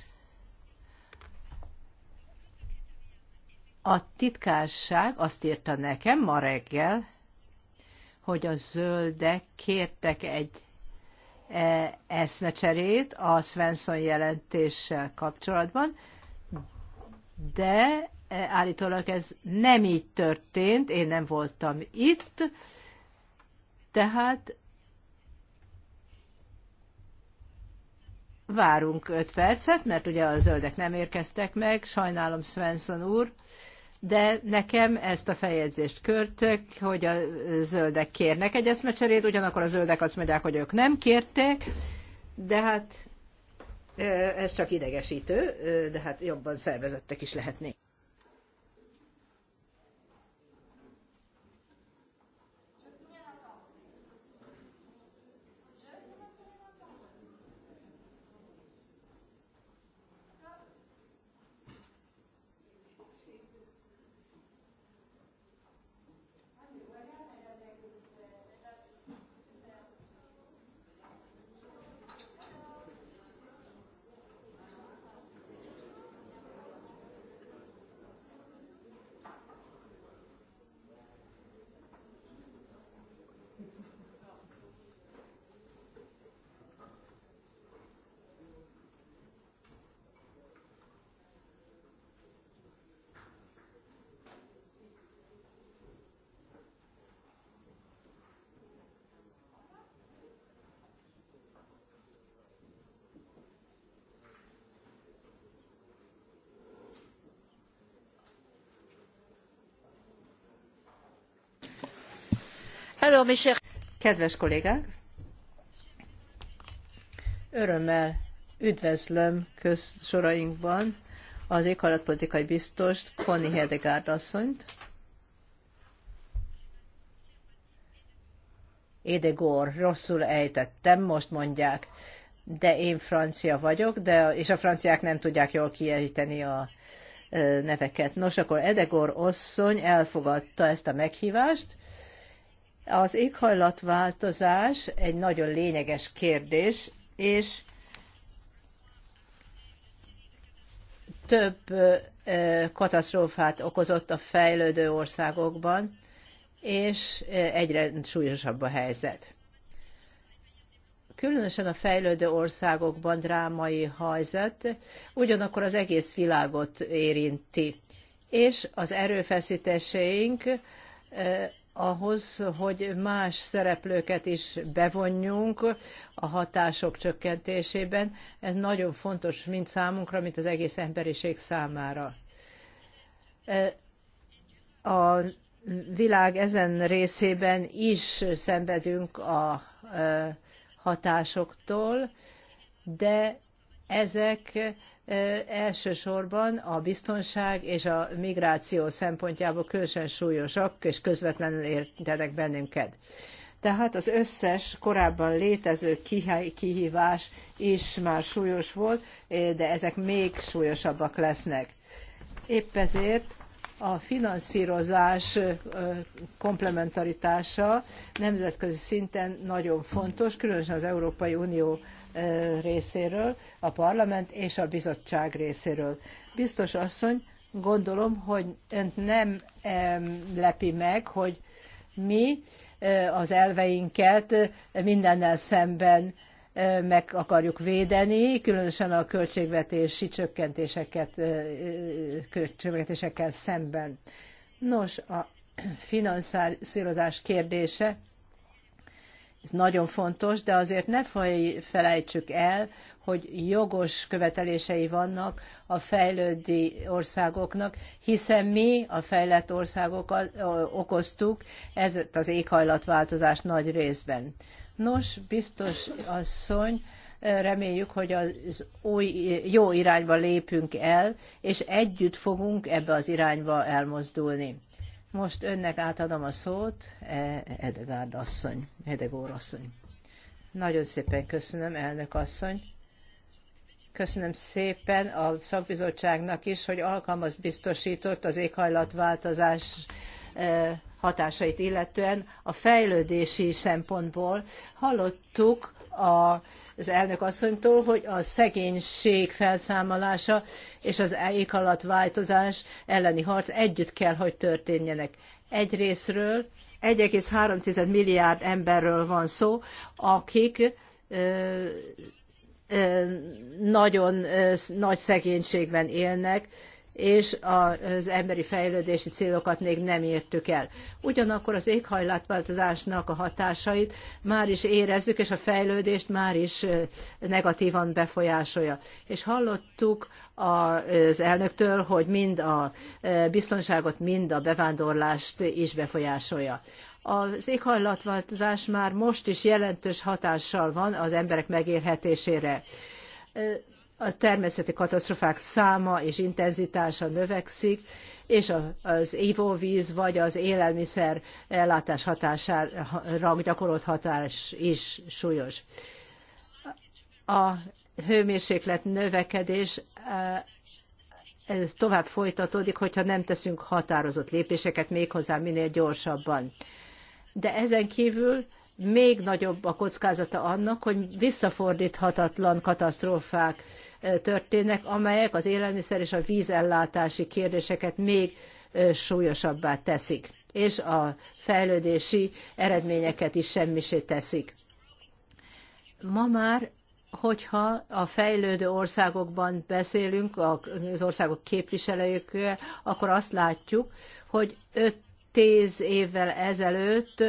a titkárság azt írta nekem ma reggel, hogy a zöldek kértek egy e, eszmecserét a Svensson jelentéssel kapcsolatban, de e, állítólag ez nem így történt, én nem voltam itt, tehát Várunk öt percet, mert ugye a zöldek nem érkeztek meg, sajnálom Svensson úr, de nekem ezt a feljegyzést körtök, hogy a zöldek kérnek egy eszmecserét, ugyanakkor a zöldek azt mondják, hogy ők nem kérték, de hát ez csak idegesítő, de hát jobban szervezettek is lehetnék. Kedves kollégák! Örömmel üdvözlöm közsorainkban az éghajlatpolitikai biztost, Conny Hedegaard asszonyt, Édegor, rosszul ejtettem, most mondják, de én francia vagyok, de, és a franciák nem tudják jól kiejteni a neveket. Nos, akkor Edegor asszony elfogadta ezt a meghívást, az éghajlatváltozás egy nagyon lényeges kérdés, és több katasztrófát okozott a fejlődő országokban, és egyre súlyosabb a helyzet. Különösen a fejlődő országokban drámai helyzet, ugyanakkor az egész világot érinti, és az erőfeszítéseink ahhoz, hogy más szereplőket is bevonjunk a hatások csökkentésében. Ez nagyon fontos mind számunkra, mint az egész emberiség számára. E, a világ ezen részében is szenvedünk a e, hatásoktól, de ezek elsősorban a biztonság és a migráció szempontjából különösen súlyosak, és közvetlenül értenek bennünket. Tehát az összes korábban létező kihívás is már súlyos volt, de ezek még súlyosabbak lesznek. Épp ezért a finanszírozás komplementaritása nemzetközi szinten nagyon fontos, különösen az Európai Unió részéről, a parlament és a bizottság részéről. Biztos asszony, gondolom, hogy önt nem lepi meg, hogy mi az elveinket mindennel szemben meg akarjuk védeni, különösen a költségvetési csökkentéseket, csökkentésekkel szemben. Nos, a finanszírozás kérdése ez nagyon fontos, de azért ne felejtsük el, hogy jogos követelései vannak a fejlődő országoknak, hiszen mi a fejlett országokat okoztuk ez az éghajlatváltozást nagy részben. Nos, biztos asszony, reméljük, hogy az új, jó irányba lépünk el, és együtt fogunk ebbe az irányba elmozdulni. Most önnek átadom a szót, e. Edegárd asszony, Edegór asszony. Nagyon szépen köszönöm, elnök asszony. Köszönöm szépen a szakbizottságnak is, hogy alkalmaz biztosított az éghajlatváltozás e, hatásait illetően a fejlődési szempontból. Hallottuk a az elnök asszonytól, hogy a szegénység felszámolása és az éghajlatváltozás elleni harc együtt kell, hogy történjenek. Egyrésztről 1,3 milliárd emberről van szó, akik ö, ö, nagyon ö, nagy szegénységben élnek, és az emberi fejlődési célokat még nem értük el. Ugyanakkor az éghajlatváltozásnak a hatásait már is érezzük, és a fejlődést már is negatívan befolyásolja. És hallottuk az elnöktől, hogy mind a biztonságot, mind a bevándorlást is befolyásolja. Az éghajlatváltozás már most is jelentős hatással van az emberek megélhetésére a természeti katasztrofák száma és intenzitása növekszik, és az ivóvíz vagy az élelmiszer ellátás hatására gyakorolt hatás is súlyos. A hőmérséklet növekedés eh, tovább folytatódik, hogyha nem teszünk határozott lépéseket, méghozzá minél gyorsabban. De ezen kívül még nagyobb a kockázata annak, hogy visszafordíthatatlan katasztrófák történnek, amelyek az élelmiszer és a vízellátási kérdéseket még súlyosabbá teszik, és a fejlődési eredményeket is semmisé teszik. Ma már hogyha a fejlődő országokban beszélünk, az országok képviselőjükkel, akkor azt látjuk, hogy 5-10 évvel ezelőtt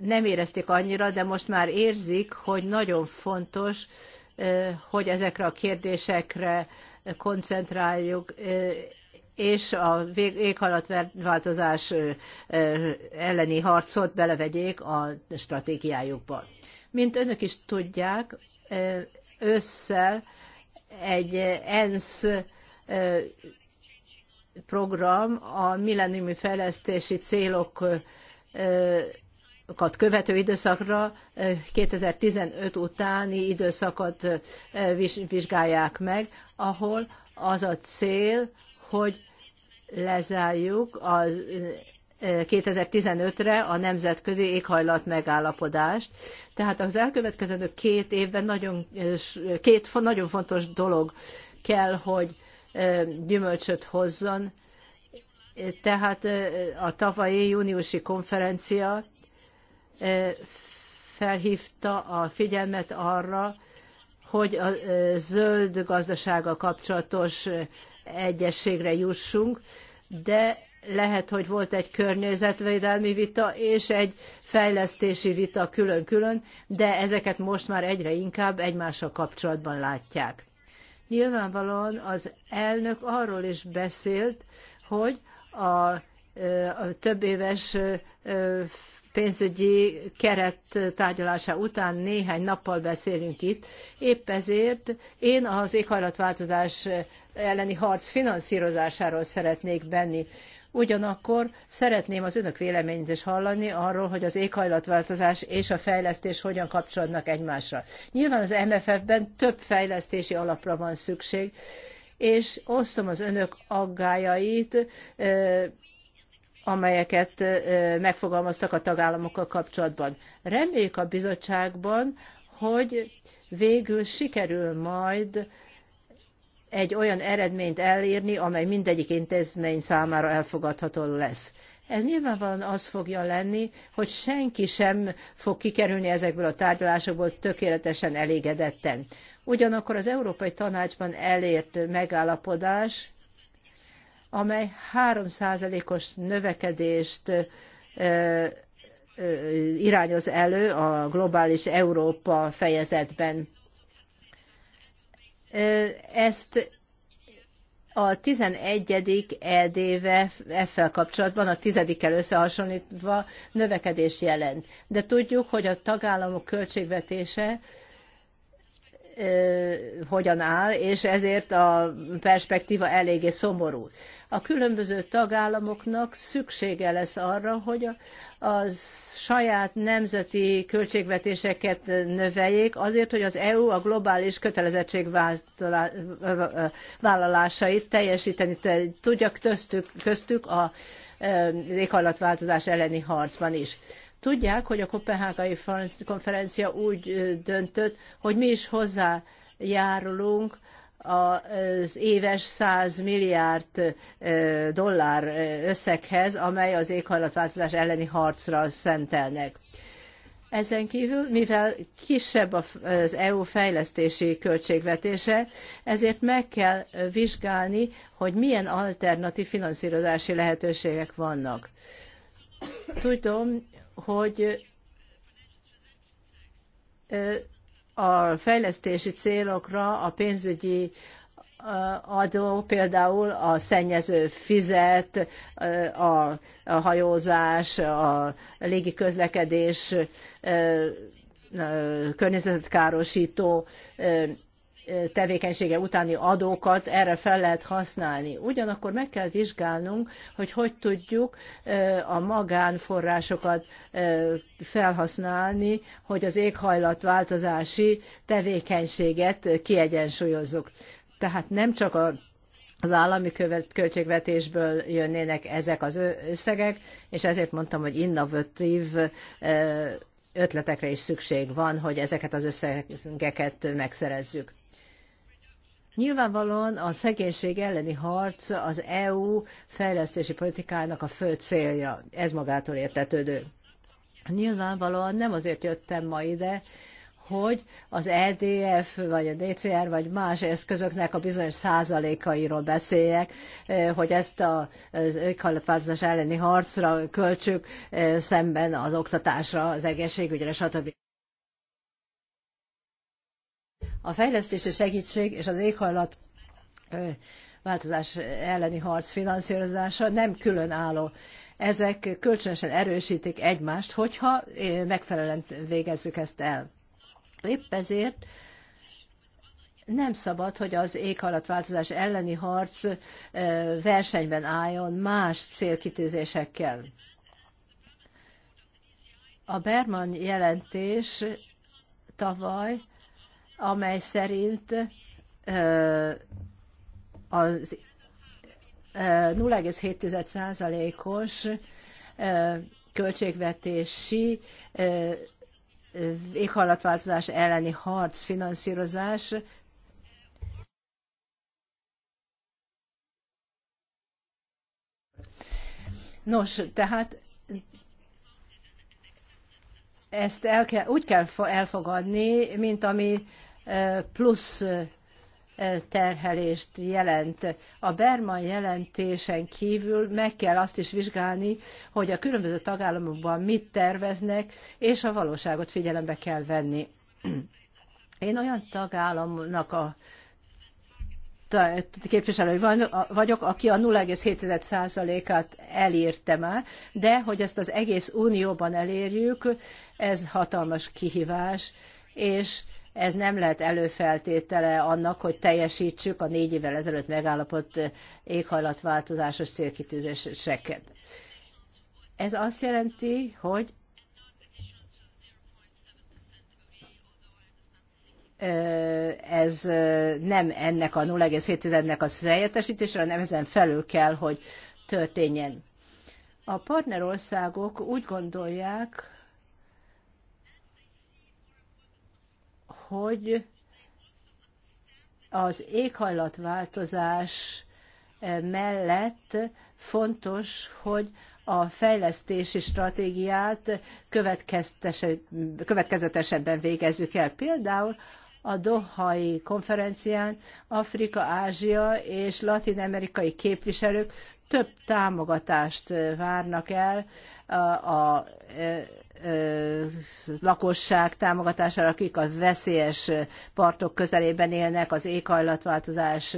nem érezték annyira, de most már érzik, hogy nagyon fontos, hogy ezekre a kérdésekre koncentráljuk, és a éghajlatváltozás elleni harcot belevegyék a stratégiájukba. Mint önök is tudják, ősszel egy ENSZ program a millenniumi fejlesztési célok kat követő időszakra, 2015 utáni időszakot vizsgálják meg, ahol az a cél, hogy lezárjuk a 2015-re a nemzetközi éghajlat megállapodást. Tehát az elkövetkezendő két évben nagyon, két nagyon fontos dolog kell, hogy gyümölcsöt hozzon. Tehát a tavalyi júniusi konferencia felhívta a figyelmet arra, hogy a zöld gazdasága kapcsolatos egyességre jussunk, de lehet, hogy volt egy környezetvédelmi vita és egy fejlesztési vita külön-külön, de ezeket most már egyre inkább egymással kapcsolatban látják. Nyilvánvalóan az elnök arról is beszélt, hogy a a több éves pénzügyi keret tárgyalása után néhány nappal beszélünk itt. Épp ezért én az éghajlatváltozás elleni harc finanszírozásáról szeretnék benni. Ugyanakkor szeretném az önök véleményét is hallani arról, hogy az éghajlatváltozás és a fejlesztés hogyan kapcsolódnak egymásra. Nyilván az MFF-ben több fejlesztési alapra van szükség, és osztom az önök aggájait amelyeket megfogalmaztak a tagállamokkal kapcsolatban. Reméljük a bizottságban, hogy végül sikerül majd egy olyan eredményt elérni, amely mindegyik intézmény számára elfogadható lesz. Ez nyilvánvalóan az fogja lenni, hogy senki sem fog kikerülni ezekből a tárgyalásokból tökéletesen elégedetten. Ugyanakkor az Európai Tanácsban elért megállapodás amely 3%-os növekedést irányoz elő a globális Európa fejezetben. Ezt a 11. EDV-fel kapcsolatban, a tizedikkel összehasonlítva növekedés jelent. De tudjuk, hogy a tagállamok költségvetése hogyan áll, és ezért a perspektíva eléggé szomorú. A különböző tagállamoknak szüksége lesz arra, hogy a, a saját nemzeti költségvetéseket növeljék, azért, hogy az EU a globális kötelezettségvállalásait teljesíteni tudja köztük, köztük a, az éghajlatváltozás elleni harcban is. Tudják, hogy a Kopenhágai konferencia úgy döntött, hogy mi is hozzájárulunk az éves 100 milliárd dollár összeghez, amely az éghajlatváltozás elleni harcra szentelnek. Ezen kívül, mivel kisebb az EU fejlesztési költségvetése, ezért meg kell vizsgálni, hogy milyen alternatív finanszírozási lehetőségek vannak. Tudom, hogy a fejlesztési célokra a pénzügyi adó, például a szennyező fizet, a, hajózás, a légi közlekedés, környezetkárosító tevékenysége utáni adókat erre fel lehet használni. Ugyanakkor meg kell vizsgálnunk, hogy hogy tudjuk a magánforrásokat felhasználni, hogy az éghajlatváltozási tevékenységet kiegyensúlyozzuk. Tehát nem csak a az állami költségvetésből jönnének ezek az összegek, és ezért mondtam, hogy innovatív ötletekre is szükség van, hogy ezeket az összegeket megszerezzük. Nyilvánvalóan a szegénység elleni harc az EU fejlesztési politikának a fő célja. Ez magától értetődő. Nyilvánvalóan nem azért jöttem ma ide, hogy az EDF, vagy a DCR, vagy más eszközöknek a bizonyos százalékairól beszéljek, eh, hogy ezt az éghajlatváltozás elleni harcra költsük eh, szemben az oktatásra, az egészségügyre, stb. A fejlesztési segítség és az éghajlat változás elleni harc finanszírozása nem különálló. Ezek kölcsönösen erősítik egymást, hogyha megfelelően végezzük ezt el. Épp ezért nem szabad, hogy az éghajlatváltozás elleni harc versenyben álljon más célkitűzésekkel. A Berman jelentés tavaly amely szerint az 0,7%-os költségvetési éghajlatváltozás elleni harc finanszírozás Nos, tehát ezt el kell, úgy kell elfogadni, mint ami plusz terhelést jelent. A Berman jelentésen kívül meg kell azt is vizsgálni, hogy a különböző tagállamokban mit terveznek, és a valóságot figyelembe kell venni. Én olyan tagállamnak a képviselő vagyok, aki a 0,7%-át elérte már, de hogy ezt az egész unióban elérjük, ez hatalmas kihívás, és ez nem lehet előfeltétele annak, hogy teljesítsük a négy évvel ezelőtt megállapott eh, éghajlatváltozásos célkitűzéseket. Ez azt jelenti, hogy eh, ez eh, nem ennek a 0,7-nek a teljesítése, hanem ezen felül kell, hogy történjen. A partnerországok úgy gondolják, hogy az éghajlatváltozás eh, mellett fontos, hogy a fejlesztési stratégiát következetesebben végezzük el. Például a Dohai konferencián Afrika, Ázsia és latin-amerikai képviselők több támogatást eh, várnak el a lakosság támogatására, akik a veszélyes partok közelében élnek, az éghajlatváltozás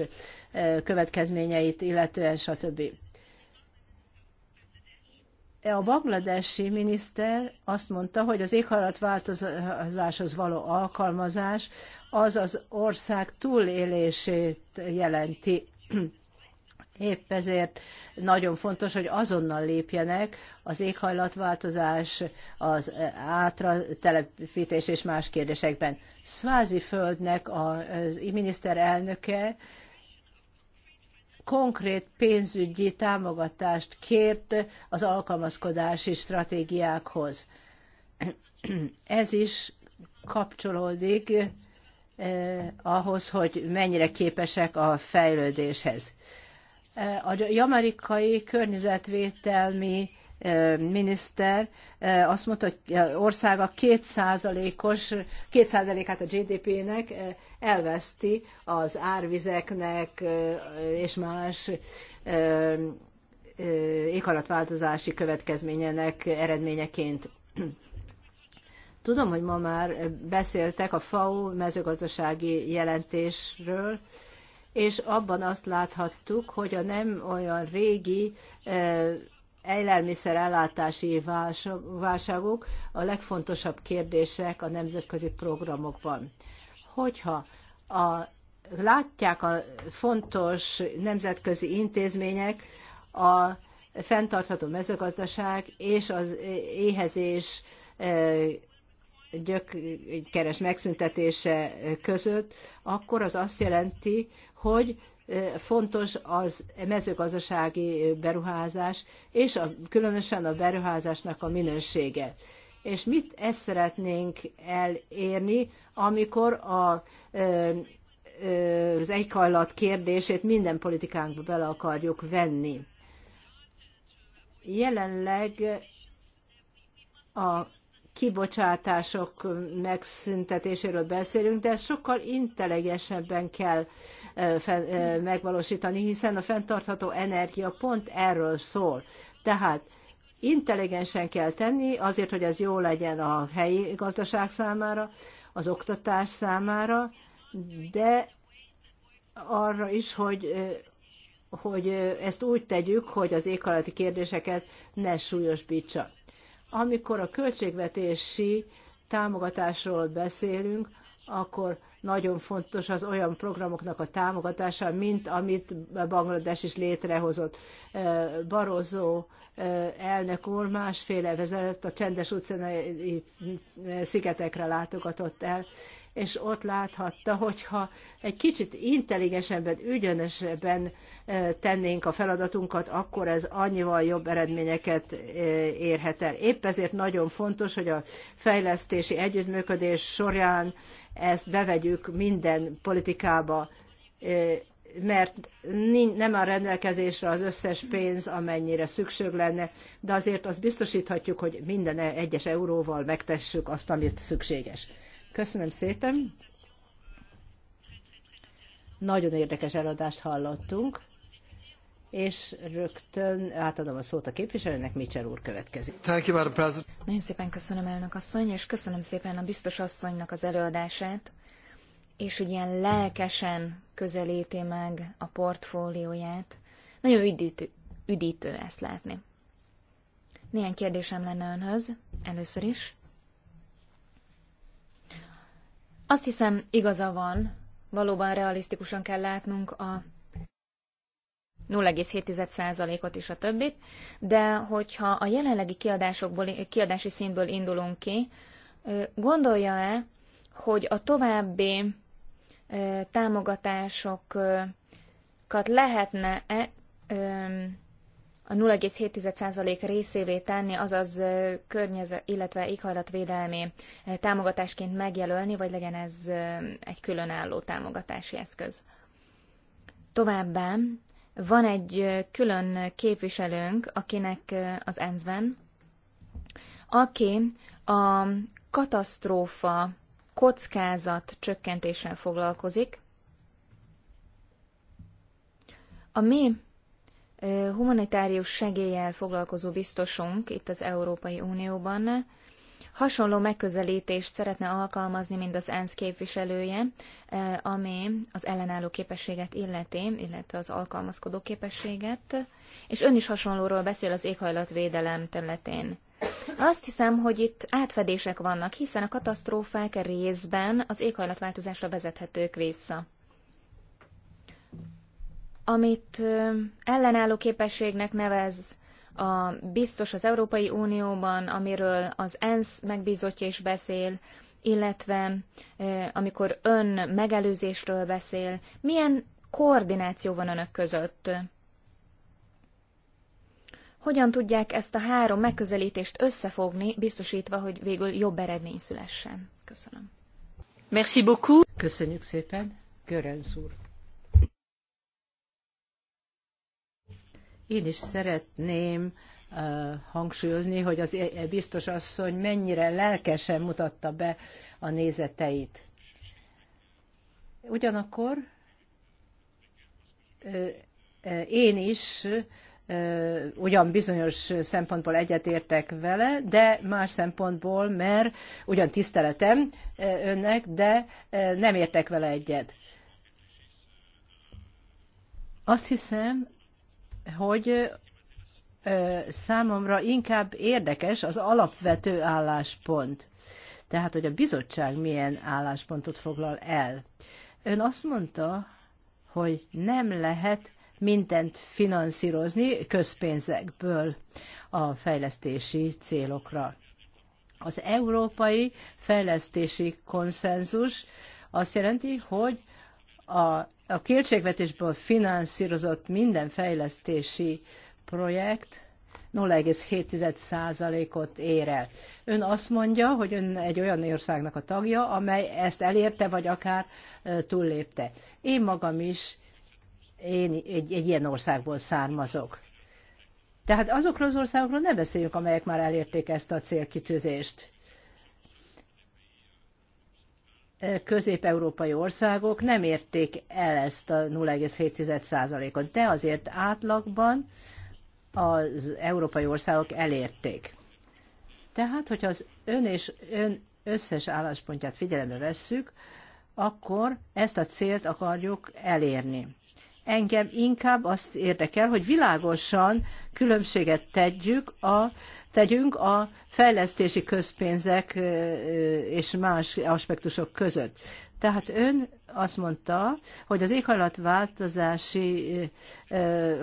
következményeit illetően, stb. A bangladesi miniszter azt mondta, hogy az éghajlatváltozáshoz való alkalmazás az az ország túlélését jelenti Épp ezért nagyon fontos, hogy azonnal lépjenek az éghajlatváltozás, az átratelepítés és más kérdésekben. Szvázi földnek a miniszterelnöke konkrét pénzügyi támogatást kért az alkalmazkodási stratégiákhoz. Ez is kapcsolódik eh, ahhoz, hogy mennyire képesek a fejlődéshez. A jamaikai környezetvételmi miniszter azt mondta, hogy országa 2%-os, 2%-át a GDP-nek elveszti az árvizeknek és más éghajlatváltozási következményenek eredményeként. Tudom, hogy ma már beszéltek a FAO mezőgazdasági jelentésről, és abban azt láthattuk, hogy a nem olyan régi e, ellátási válságok a legfontosabb kérdések a nemzetközi programokban. Hogyha a, látják a fontos nemzetközi intézmények a fenntartható mezőgazdaság és az éhezés e, gyökeres megszüntetése között, akkor az azt jelenti, hogy fontos az mezőgazdasági beruházás, és a, különösen a beruházásnak a minősége. És mit ezt szeretnénk elérni, amikor a, az egyhajlat kérdését minden politikánkba bele akarjuk venni. Jelenleg a kibocsátások megszüntetéséről beszélünk, de ezt sokkal intelligensebben kell megvalósítani, hiszen a fenntartható energia pont erről szól. Tehát intelligensen kell tenni azért, hogy ez jó legyen a helyi gazdaság számára, az oktatás számára, de arra is, hogy, hogy ezt úgy tegyük, hogy az éghajlati kérdéseket ne súlyosbítsa. Amikor a költségvetési támogatásról beszélünk, akkor nagyon fontos az olyan programoknak a támogatása, mint amit Banglades is létrehozott. Barozó elnök úr másfél ezelőtt a csendes utcai szigetekre látogatott el, és ott láthatta, hogyha egy kicsit intelligensebben, ügyönösebben e, tennénk a feladatunkat, akkor ez annyival jobb eredményeket e, érhet el. Épp ezért nagyon fontos, hogy a fejlesztési együttműködés során ezt bevegyük minden politikába, e, mert nem a rendelkezésre az összes pénz, amennyire szükség lenne, de azért azt biztosíthatjuk, hogy minden egyes euróval megtessük azt, amit szükséges. Köszönöm szépen. Nagyon érdekes előadást hallottunk, és rögtön átadom a szót a képviselőnek, Mitchell úr következik. Thank you, Madam President. Nagyon szépen köszönöm, elnök asszony, és köszönöm szépen a biztos asszonynak az előadását, és hogy ilyen lelkesen közelíti meg a portfólióját. Nagyon üdítő, üdítő ezt látni. Néhány kérdésem lenne önhöz, először is. Azt hiszem, igaza van, valóban realisztikusan kell látnunk a 0,7%-ot és a többit, de hogyha a jelenlegi kiadásokból, kiadási szintből indulunk ki, gondolja-e, hogy a további támogatásokat lehetne-e a 0,7% részévé tenni, azaz környezet, illetve éghajlatvédelmi támogatásként megjelölni, vagy legyen ez egy különálló támogatási eszköz. Továbbá van egy külön képviselőnk, akinek az ensz aki a katasztrófa kockázat csökkentéssel foglalkozik. A mi humanitárius segéllyel foglalkozó biztosunk itt az Európai Unióban hasonló megközelítést szeretne alkalmazni, mint az ENSZ képviselője, ami az ellenálló képességet illeti, illetve az alkalmazkodó képességet, és ön is hasonlóról beszél az éghajlatvédelem területén. Azt hiszem, hogy itt átfedések vannak, hiszen a katasztrófák részben az éghajlatváltozásra vezethetők vissza amit ellenálló képességnek nevez a biztos az Európai Unióban, amiről az ENSZ megbízottja is beszél, illetve amikor ön megelőzésről beszél, milyen koordináció van önök között? Hogyan tudják ezt a három megközelítést összefogni, biztosítva, hogy végül jobb eredmény szülessen? Köszönöm. Merci beaucoup. Köszönjük szépen. Görenz úr. Én is szeretném hangsúlyozni, hogy az biztos asszony mennyire lelkesen mutatta be a nézeteit. Ugyanakkor én is ugyan bizonyos szempontból egyetértek vele, de más szempontból, mert ugyan tiszteletem önnek, de nem értek vele egyet. Azt hiszem, hogy számomra inkább érdekes az alapvető álláspont. Tehát, hogy a bizottság milyen álláspontot foglal el. Ön azt mondta, hogy nem lehet mindent finanszírozni közpénzekből a fejlesztési célokra. Az európai fejlesztési konszenzus azt jelenti, hogy a a költségvetésből finanszírozott minden fejlesztési projekt 0,7%-ot ér el. Ön azt mondja, hogy ön egy olyan országnak a tagja, amely ezt elérte, vagy akár túllépte. Én magam is én egy, egy ilyen országból származok. Tehát azokról az országokról ne beszéljünk, amelyek már elérték ezt a célkitűzést közép-európai országok nem érték el ezt a 0,7%-ot, de azért átlagban az európai országok elérték. Tehát, hogyha az ön és ön összes álláspontját figyelembe vesszük, akkor ezt a célt akarjuk elérni. Engem inkább azt érdekel, hogy világosan különbséget tegyük a tegyünk a fejlesztési közpénzek és más aspektusok között. Tehát ön azt mondta, hogy az éghajlatváltozási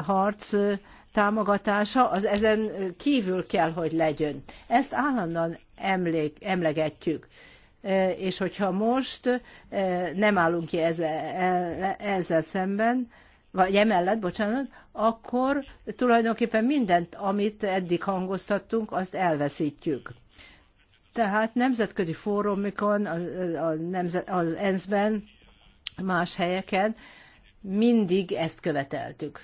harc támogatása az ezen kívül kell, hogy legyen. Ezt állandóan emlék, emlegetjük és hogyha most nem állunk ki ezzel, e, ezzel szemben, vagy emellett, bocsánat, akkor tulajdonképpen mindent, amit eddig hangoztattunk, azt elveszítjük. Tehát nemzetközi fórumokon, a, a nemzet, az ENSZ-ben, más helyeken mindig ezt követeltük.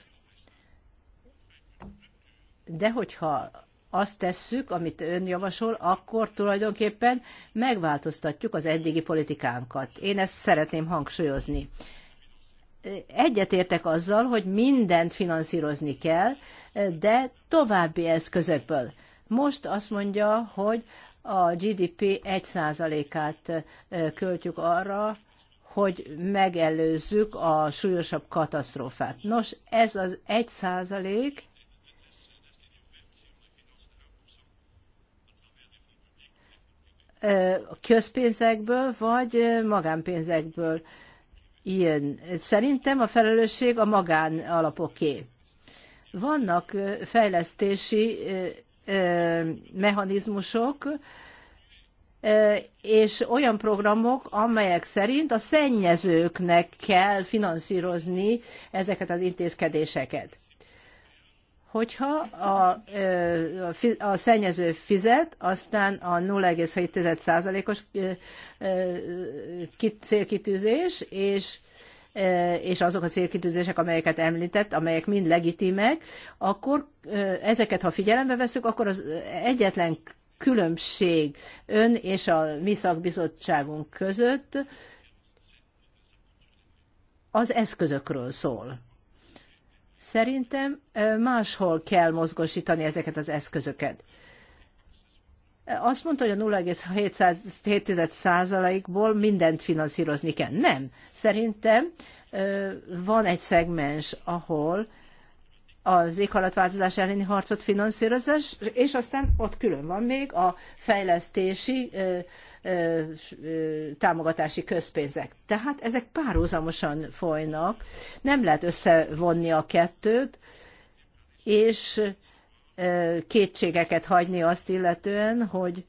De hogyha azt tesszük, amit ön javasol, akkor tulajdonképpen megváltoztatjuk az eddigi politikánkat. Én ezt szeretném hangsúlyozni egyetértek azzal, hogy mindent finanszírozni kell, de további eszközökből. Most azt mondja, hogy a GDP 1%-át költjük arra, hogy megelőzzük a súlyosabb katasztrófát. Nos, ez az 1 közpénzekből vagy magánpénzekből jön. Szerintem a felelősség a magán alapoké. Vannak fejlesztési mechanizmusok, és olyan programok, amelyek szerint a szennyezőknek kell finanszírozni ezeket az intézkedéseket hogyha a, a szennyező fizet, aztán a 0,7%-os célkitűzés, és és azok a célkitűzések, amelyeket említett, amelyek mind legitimek, akkor ezeket, ha figyelembe veszük, akkor az egyetlen különbség ön és a mi szakbizottságunk között az eszközökről szól. Szerintem máshol kell mozgósítani ezeket az eszközöket. Azt mondta, hogy a 0,7%-ból mindent finanszírozni kell. Nem. Szerintem van egy szegmens, ahol az éghajlatváltozás elleni harcot finanszírozás, és aztán ott külön van még a fejlesztési támogatási közpénzek. Tehát ezek párhuzamosan folynak, nem lehet összevonni a kettőt, és kétségeket hagyni azt illetően, hogy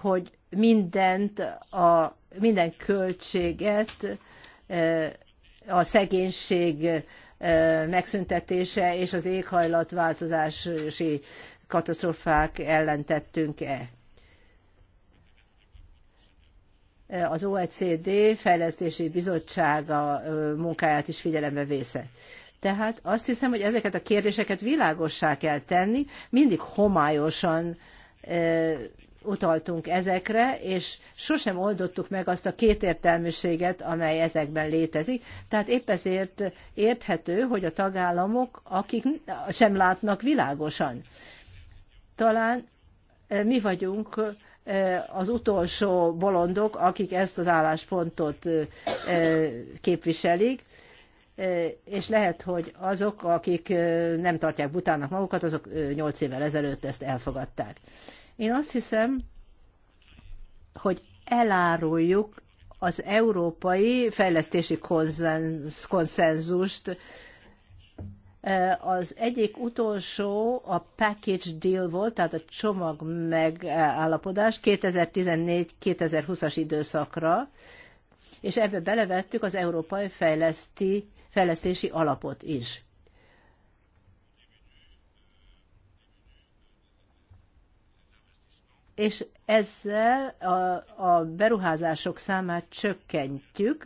hogy mindent, a, minden költséget a szegénység megszüntetése és az éghajlatváltozási katasztrofák ellen tettünk-e. Az OECD Fejlesztési Bizottsága munkáját is figyelembe vésze. Tehát azt hiszem, hogy ezeket a kérdéseket világossá kell tenni, mindig homályosan utaltunk ezekre, és sosem oldottuk meg azt a kétértelműséget, amely ezekben létezik. Tehát épp ezért érthető, hogy a tagállamok, akik sem látnak világosan. Talán eh, mi vagyunk eh, az utolsó bolondok, akik ezt az álláspontot eh, képviselik, és lehet, hogy azok, akik nem tartják butának magukat, azok nyolc évvel ezelőtt ezt elfogadták. Én azt hiszem, hogy eláruljuk az európai fejlesztési konszenzust az egyik utolsó a package deal volt, tehát a csomag megállapodás 2014-2020-as időszakra, és ebbe belevettük az Európai Fejleszti, Fejlesztési Alapot is. És ezzel a, a beruházások számát csökkentjük,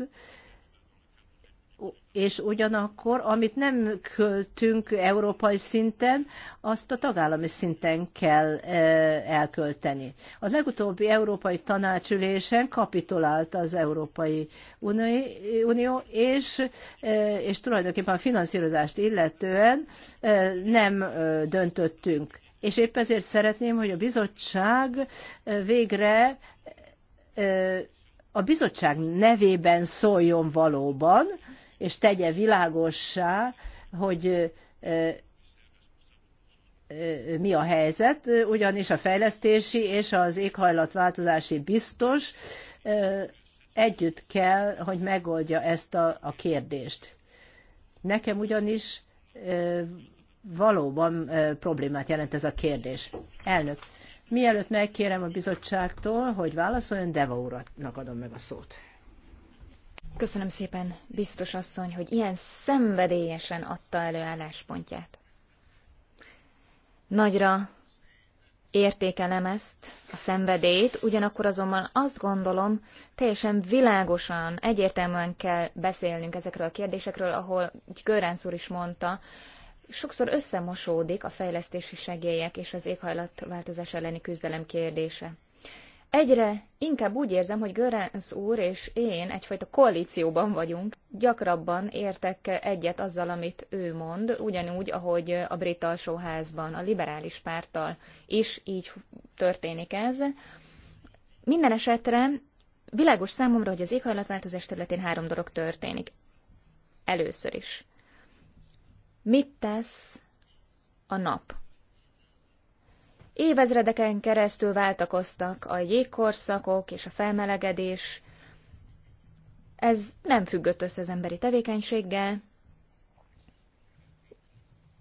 és ugyanakkor, amit nem költünk európai szinten, azt a tagállami szinten kell e, elkölteni. A legutóbbi európai tanácsülésen kapitulált az Európai Unió, és, e, és tulajdonképpen a finanszírozást illetően e, nem döntöttünk. És épp ezért szeretném, hogy a bizottság végre a bizottság nevében szóljon valóban, és tegye világossá, hogy mi a helyzet, ugyanis a fejlesztési és az éghajlatváltozási biztos együtt kell, hogy megoldja ezt a, a kérdést. Nekem ugyanis valóban problémát jelent ez a kérdés. Elnök, mielőtt megkérem a bizottságtól, hogy válaszoljon, Deva úrnak adom meg a szót. Köszönöm szépen, biztos asszony, hogy ilyen szenvedélyesen adta elő álláspontját. Nagyra értékelem ezt, a szenvedélyt, ugyanakkor azonban azt gondolom, teljesen világosan, egyértelműen kell beszélnünk ezekről a kérdésekről, ahol Göránsz úr is mondta, sokszor összemosódik a fejlesztési segélyek és az éghajlatváltozás elleni küzdelem kérdése. Egyre inkább úgy érzem, hogy Görenc úr és én egyfajta koalícióban vagyunk. Gyakrabban értek egyet azzal, amit ő mond, ugyanúgy, ahogy a brit alsóházban, a liberális párttal is így történik ez. Minden esetre világos számomra, hogy az éghajlatváltozás területén három dolog történik. Először is. Mit tesz a nap? Évezredeken keresztül váltakoztak a jégkorszakok és a felmelegedés. Ez nem függött össze az emberi tevékenységgel.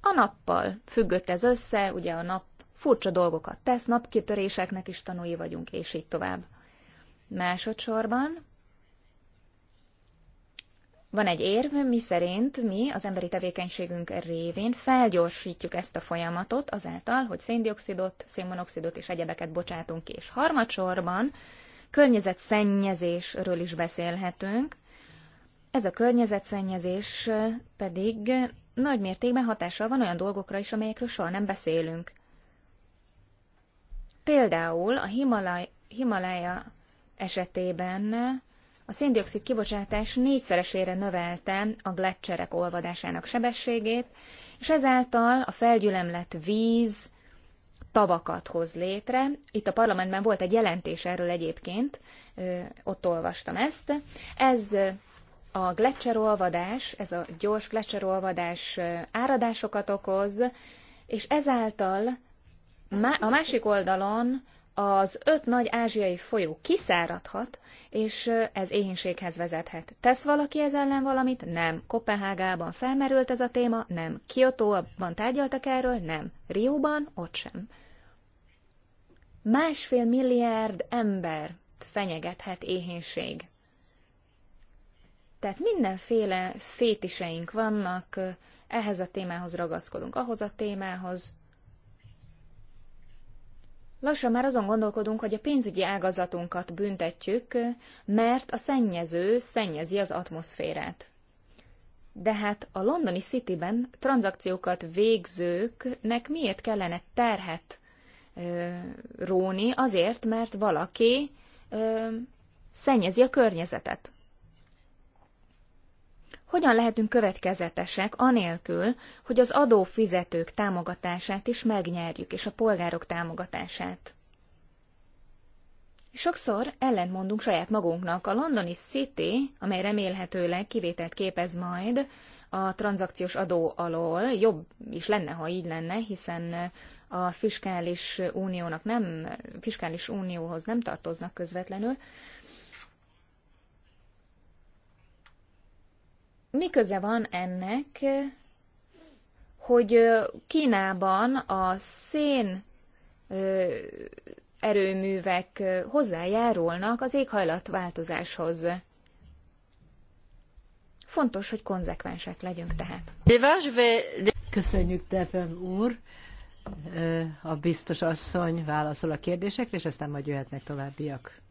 A nappal függött ez össze, ugye a nap furcsa dolgokat tesz, napkitöréseknek is tanúi vagyunk, és így tovább. Másodszorban van egy érv, mi szerint mi az emberi tevékenységünk révén felgyorsítjuk ezt a folyamatot azáltal, hogy széndiokszidot, szénmonoxidot és egyebeket bocsátunk ki. És harmadsorban környezetszennyezésről is beszélhetünk. Ez a környezetszennyezés pedig nagy mértékben hatással van olyan dolgokra is, amelyekről soha nem beszélünk. Például a Himalaj, Himalája esetében a széndiokszid kibocsátás négyszeresére növelte a gletszerek olvadásának sebességét, és ezáltal a felgyülemlett víz tavakat hoz létre. Itt a parlamentben volt egy jelentés erről egyébként, ott olvastam ezt. Ez a gletszerolvadás, ez a gyors gletszerolvadás áradásokat okoz, és ezáltal a másik oldalon az öt nagy ázsiai folyó kiszáradhat, és ez éhénységhez vezethet. Tesz valaki ez ellen valamit? Nem. Kopenhágában felmerült ez a téma? Nem. Kiotóban tárgyaltak erről? Nem. Rióban? Ott sem. Másfél milliárd embert fenyegethet éhénység. Tehát mindenféle fétiseink vannak, ehhez a témához ragaszkodunk, ahhoz a témához, Lassan már azon gondolkodunk, hogy a pénzügyi ágazatunkat büntetjük, mert a szennyező szennyezi az atmoszférát. De hát a londoni Cityben tranzakciókat végzőknek miért kellene terhet ö, róni? Azért, mert valaki ö, szennyezi a környezetet hogyan lehetünk következetesek anélkül, hogy az adófizetők támogatását is megnyerjük, és a polgárok támogatását. Sokszor ellentmondunk saját magunknak. A londoni City, amely remélhetőleg kivételt képez majd a tranzakciós adó alól, jobb is lenne, ha így lenne, hiszen a fiskális uniónak nem, fiskális unióhoz nem tartoznak közvetlenül, mi köze van ennek, hogy Kínában a szén erőművek hozzájárulnak az éghajlatváltozáshoz? Fontos, hogy konzekvensek legyünk tehát. Köszönjük, Tefem úr! A biztos asszony válaszol a kérdésekre, és aztán majd jöhetnek továbbiak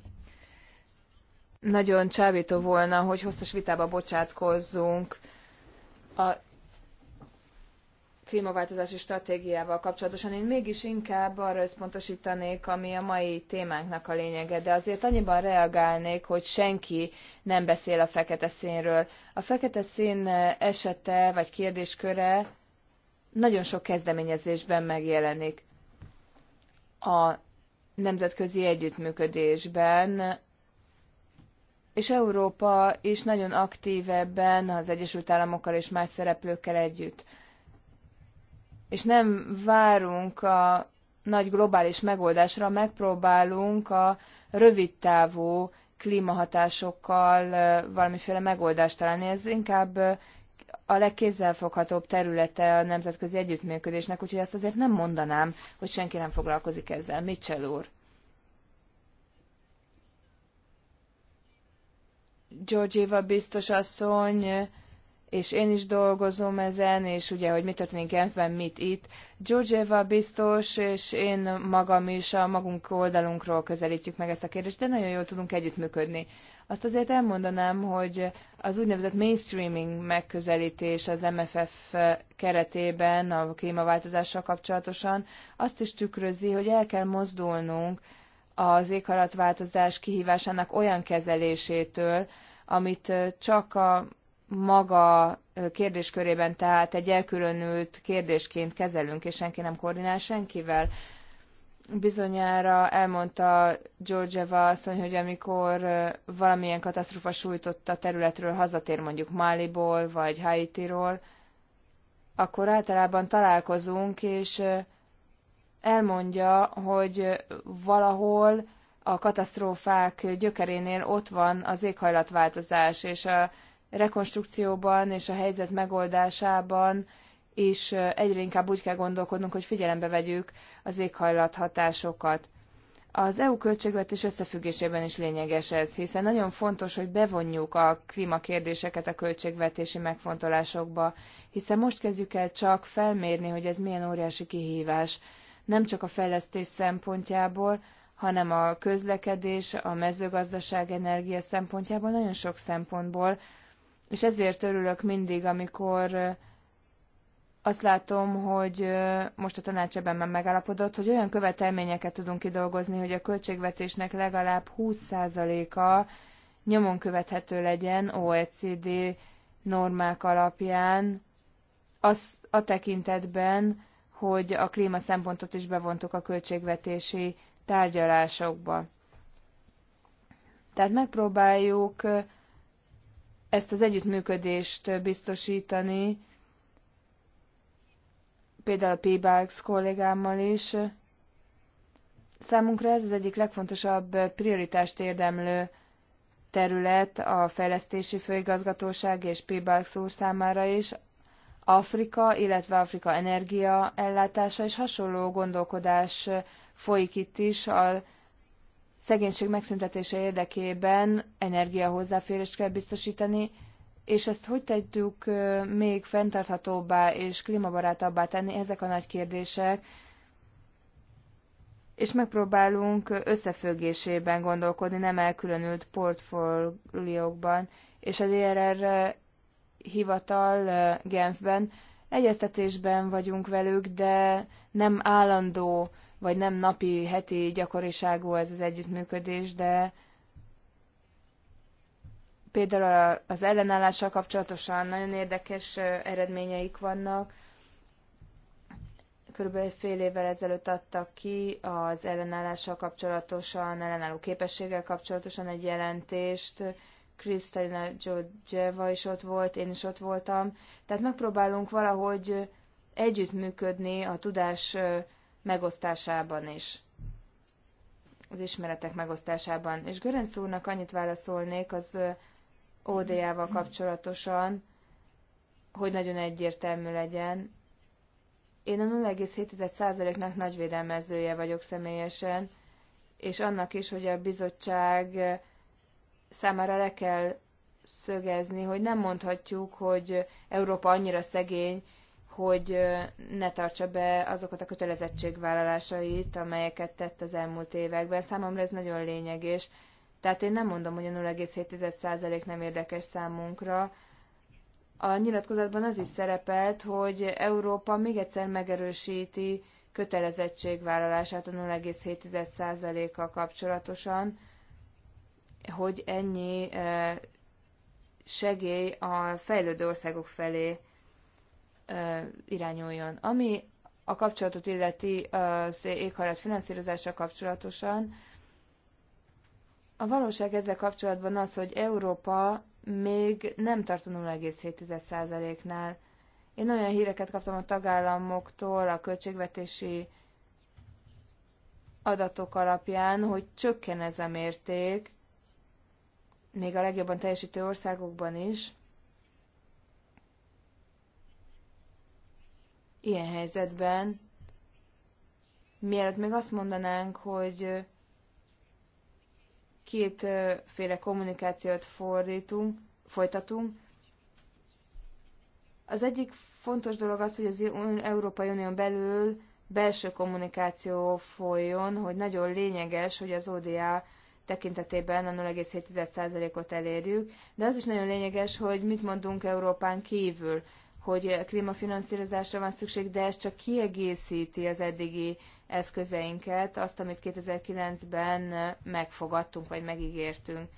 nagyon csábító volna, hogy hosszas vitába bocsátkozzunk a klímaváltozási stratégiával kapcsolatosan. Én mégis inkább arra összpontosítanék, ami a mai témánknak a lényege, de azért annyiban reagálnék, hogy senki nem beszél a fekete színről. A fekete szín esete vagy kérdésköre nagyon sok kezdeményezésben megjelenik. A nemzetközi együttműködésben és Európa is nagyon aktív ebben az Egyesült Államokkal és más szereplőkkel együtt. És nem várunk a nagy globális megoldásra, megpróbálunk a rövidtávú klímahatásokkal valamiféle megoldást találni. Ez inkább a legkézzelfoghatóbb területe a nemzetközi együttműködésnek, úgyhogy azt azért nem mondanám, hogy senki nem foglalkozik ezzel. Mitchell úr. Georgieva biztos asszony, és én is dolgozom ezen, és ugye, hogy mi történik Genfben, mit itt. Georgieva biztos, és én magam is a magunk oldalunkról közelítjük meg ezt a kérdést, de nagyon jól tudunk együttműködni. Azt azért elmondanám, hogy az úgynevezett mainstreaming megközelítés az MFF keretében a klímaváltozással kapcsolatosan azt is tükrözi, hogy el kell mozdulnunk az éghalatváltozás kihívásának olyan kezelésétől, amit csak a maga kérdéskörében, tehát egy elkülönült kérdésként kezelünk, és senki nem koordinál senkivel. Bizonyára elmondta Georgieva asszony, hogy amikor valamilyen katasztrófa sújtotta területről hazatér mondjuk Máliból vagy Haitiról, akkor általában találkozunk, és elmondja, hogy valahol a katasztrófák gyökerénél ott van az éghajlatváltozás, és a rekonstrukcióban és a helyzet megoldásában is egyre inkább úgy kell gondolkodnunk, hogy figyelembe vegyük az éghajlat hatásokat. Az EU költségvetés összefüggésében is lényeges ez, hiszen nagyon fontos, hogy bevonjuk a klímakérdéseket a költségvetési megfontolásokba, hiszen most kezdjük el csak felmérni, hogy ez milyen óriási kihívás, nem csak a fejlesztés szempontjából, hanem a közlekedés, a mezőgazdaság energia szempontjából, nagyon sok szempontból. És ezért örülök mindig, amikor azt látom, hogy most a tanács ebben már megállapodott, hogy olyan követelményeket tudunk kidolgozni, hogy a költségvetésnek legalább 20%-a nyomon követhető legyen OECD normák alapján, az a tekintetben, hogy a klíma szempontot is bevontuk a költségvetési tárgyalásokba. Tehát megpróbáljuk ezt az együttműködést biztosítani, például a p kollégámmal is. Számunkra ez az egyik legfontosabb prioritást érdemlő terület a fejlesztési főigazgatóság és p úr számára is. Afrika, illetve Afrika energia ellátása és hasonló gondolkodás folyik itt is, a szegénység megszüntetése érdekében energiahozzáférést kell biztosítani, és ezt hogy tudjuk még fenntarthatóbbá és klímabarátabbá tenni, ezek a nagy kérdések, és megpróbálunk összefüggésében gondolkodni, nem elkülönült portfóliókban, és a DRR e hivatal Genfben egyeztetésben vagyunk velük, de nem állandó vagy nem napi, heti gyakoriságú ez az együttműködés, de például az ellenállással kapcsolatosan nagyon érdekes eredményeik vannak. Körülbelül fél évvel ezelőtt adtak ki az ellenállással kapcsolatosan, ellenálló képességgel kapcsolatosan egy jelentést. Kristalina Georgieva is ott volt, én is ott voltam. Tehát megpróbálunk valahogy együttműködni a tudás megosztásában is az ismeretek megosztásában. És Görenc úrnak annyit válaszolnék az ODA-val kapcsolatosan, hogy nagyon egyértelmű legyen. Én a 0,7%-nak nagy védelmezője vagyok személyesen, és annak is, hogy a bizottság számára le kell szögezni, hogy nem mondhatjuk, hogy Európa annyira szegény, hogy ne tartsa be azokat a kötelezettségvállalásait, amelyeket tett az elmúlt években. Számomra ez nagyon lényeges. Tehát én nem mondom, hogy a 0,7% nem érdekes számunkra. A nyilatkozatban az is szerepelt, hogy Európa még egyszer megerősíti kötelezettségvállalását a 0,7%-kal kapcsolatosan, hogy ennyi segély a fejlődő országok felé irányuljon. Ami a kapcsolatot illeti az éghajlat finanszírozása kapcsolatosan, a valóság ezzel kapcsolatban az, hogy Európa még nem tart a 0,7%-nál. Én olyan híreket kaptam a tagállamoktól a költségvetési adatok alapján, hogy csökken ez a mérték, még a legjobban teljesítő országokban is. ilyen helyzetben, mielőtt még azt mondanánk, hogy kétféle kommunikációt fordítunk, folytatunk. Az egyik fontos dolog az, hogy az Európai Unión belül belső kommunikáció folyjon, hogy nagyon lényeges, hogy az ODA tekintetében a 0,7%-ot elérjük, de az is nagyon lényeges, hogy mit mondunk Európán kívül hogy klímafinanszírozásra van szükség, de ez csak kiegészíti az eddigi eszközeinket, azt, amit 2009-ben megfogadtunk, vagy megígértünk.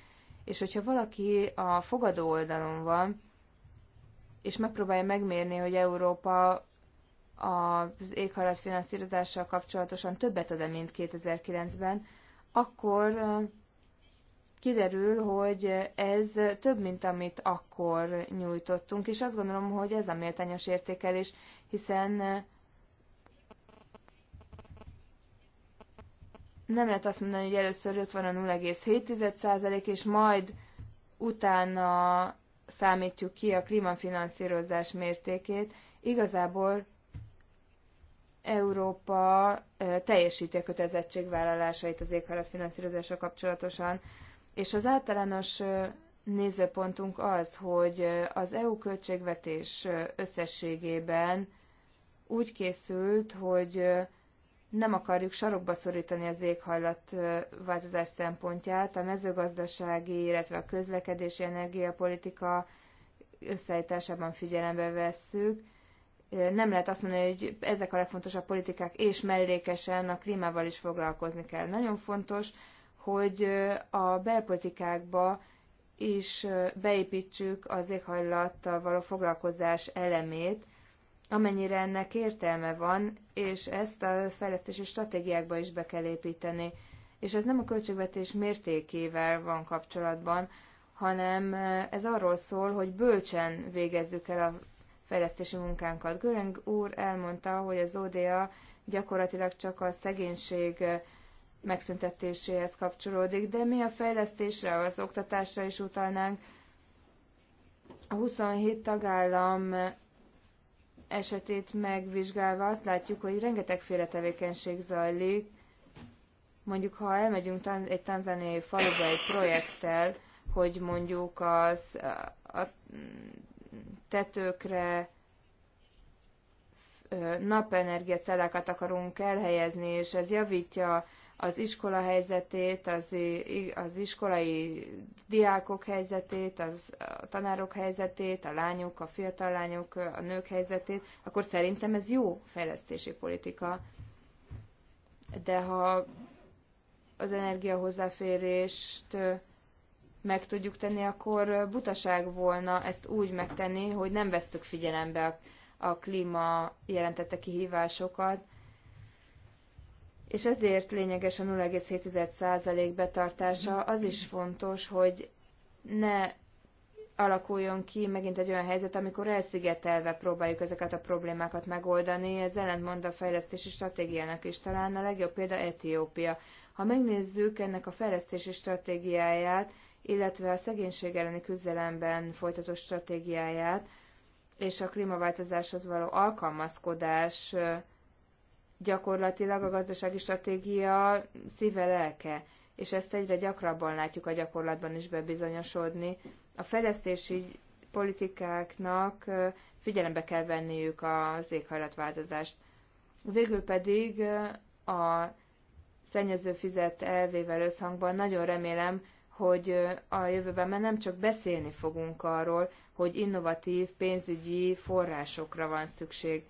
És hogyha valaki a fogadó oldalon van, és megpróbálja megmérni, hogy Európa az éghajlat finanszírozással kapcsolatosan többet ad-e, mint 2009-ben, akkor kiderül, hogy ez több, mint amit akkor nyújtottunk, és azt gondolom, hogy ez a méltányos értékelés, hiszen nem lehet azt mondani, hogy először ott van a 0,7%, és majd utána számítjuk ki a klímafinanszírozás mértékét. Igazából Európa teljesíti a kötelezettségvállalásait az éghajlatfinanszírozással kapcsolatosan. És az általános nézőpontunk az, hogy az EU költségvetés összességében úgy készült, hogy nem akarjuk sarokba szorítani az éghajlat változás szempontját, a mezőgazdasági, illetve a közlekedési energiapolitika összeállításában figyelembe vesszük. Nem lehet azt mondani, hogy ezek a legfontosabb politikák, és mellékesen a klímával is foglalkozni kell. Nagyon fontos, hogy a belpolitikákba is beépítsük az éghajlattal való foglalkozás elemét, amennyire ennek értelme van, és ezt a fejlesztési stratégiákba is be kell építeni. És ez nem a költségvetés mértékével van kapcsolatban, hanem ez arról szól, hogy bölcsen végezzük el a fejlesztési munkánkat. Göring úr elmondta, hogy az ODA gyakorlatilag csak a szegénység megszüntetéséhez kapcsolódik, de mi a fejlesztésre, az oktatásra is utalnánk. A 27 tagállam esetét megvizsgálva azt látjuk, hogy rengetegféle tevékenység zajlik. Mondjuk, ha elmegyünk egy tanzániai faluba egy projekttel, hogy mondjuk az a tetőkre napenergiacellákat akarunk elhelyezni, és ez javítja az iskola helyzetét, az, az iskolai diákok helyzetét, az, a tanárok helyzetét, a lányok, a fiatal lányok, a nők helyzetét, akkor szerintem ez jó fejlesztési politika. De ha az energia hozzáférést meg tudjuk tenni, akkor butaság volna ezt úgy megtenni, hogy nem vesztük figyelembe a, a klíma jelentette kihívásokat, és ezért lényeges a 0,7% betartása. Az is fontos, hogy ne alakuljon ki megint egy olyan helyzet, amikor elszigetelve próbáljuk ezeket a problémákat megoldani. Ez ellentmond a fejlesztési stratégiának is. Talán a legjobb példa Etiópia. Ha megnézzük ennek a fejlesztési stratégiáját, illetve a szegénység elleni küzdelemben folytatott stratégiáját, és a klímaváltozáshoz való alkalmazkodás gyakorlatilag a gazdasági stratégia szíve lelke, és ezt egyre gyakrabban látjuk a gyakorlatban is bebizonyosodni. A fejlesztési politikáknak figyelembe kell venniük az éghajlatváltozást. Végül pedig a szennyező fizet elvével összhangban nagyon remélem, hogy a jövőben már nem csak beszélni fogunk arról, hogy innovatív pénzügyi forrásokra van szükség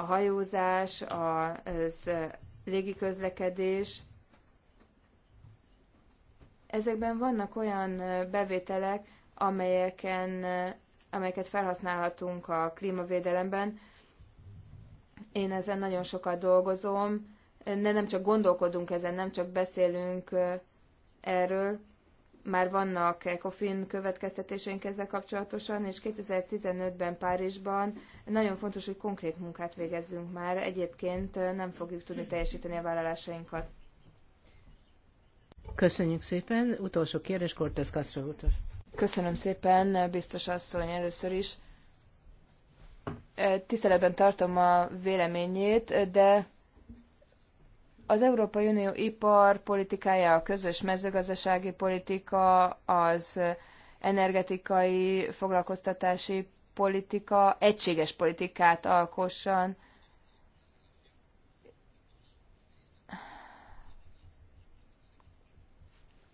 a hajózás, a légiközlekedés. Ezekben vannak olyan bevételek, amelyeken, amelyeket felhasználhatunk a klímavédelemben. Én ezen nagyon sokat dolgozom, de nem csak gondolkodunk ezen, nem csak beszélünk erről, már vannak ECOFIN következtetéseink ezzel kapcsolatosan, és 2015-ben Párizsban nagyon fontos, hogy konkrét munkát végezzünk már, egyébként nem fogjuk tudni teljesíteni a vállalásainkat. Köszönjük szépen. Utolsó kérdés, Cortez Castro utas. Köszönöm szépen, biztos asszony először is. Tiszteletben tartom a véleményét, de az Európai Unió iparpolitikája, a közös mezőgazdasági politika, az energetikai foglalkoztatási politika egységes politikát alkosson.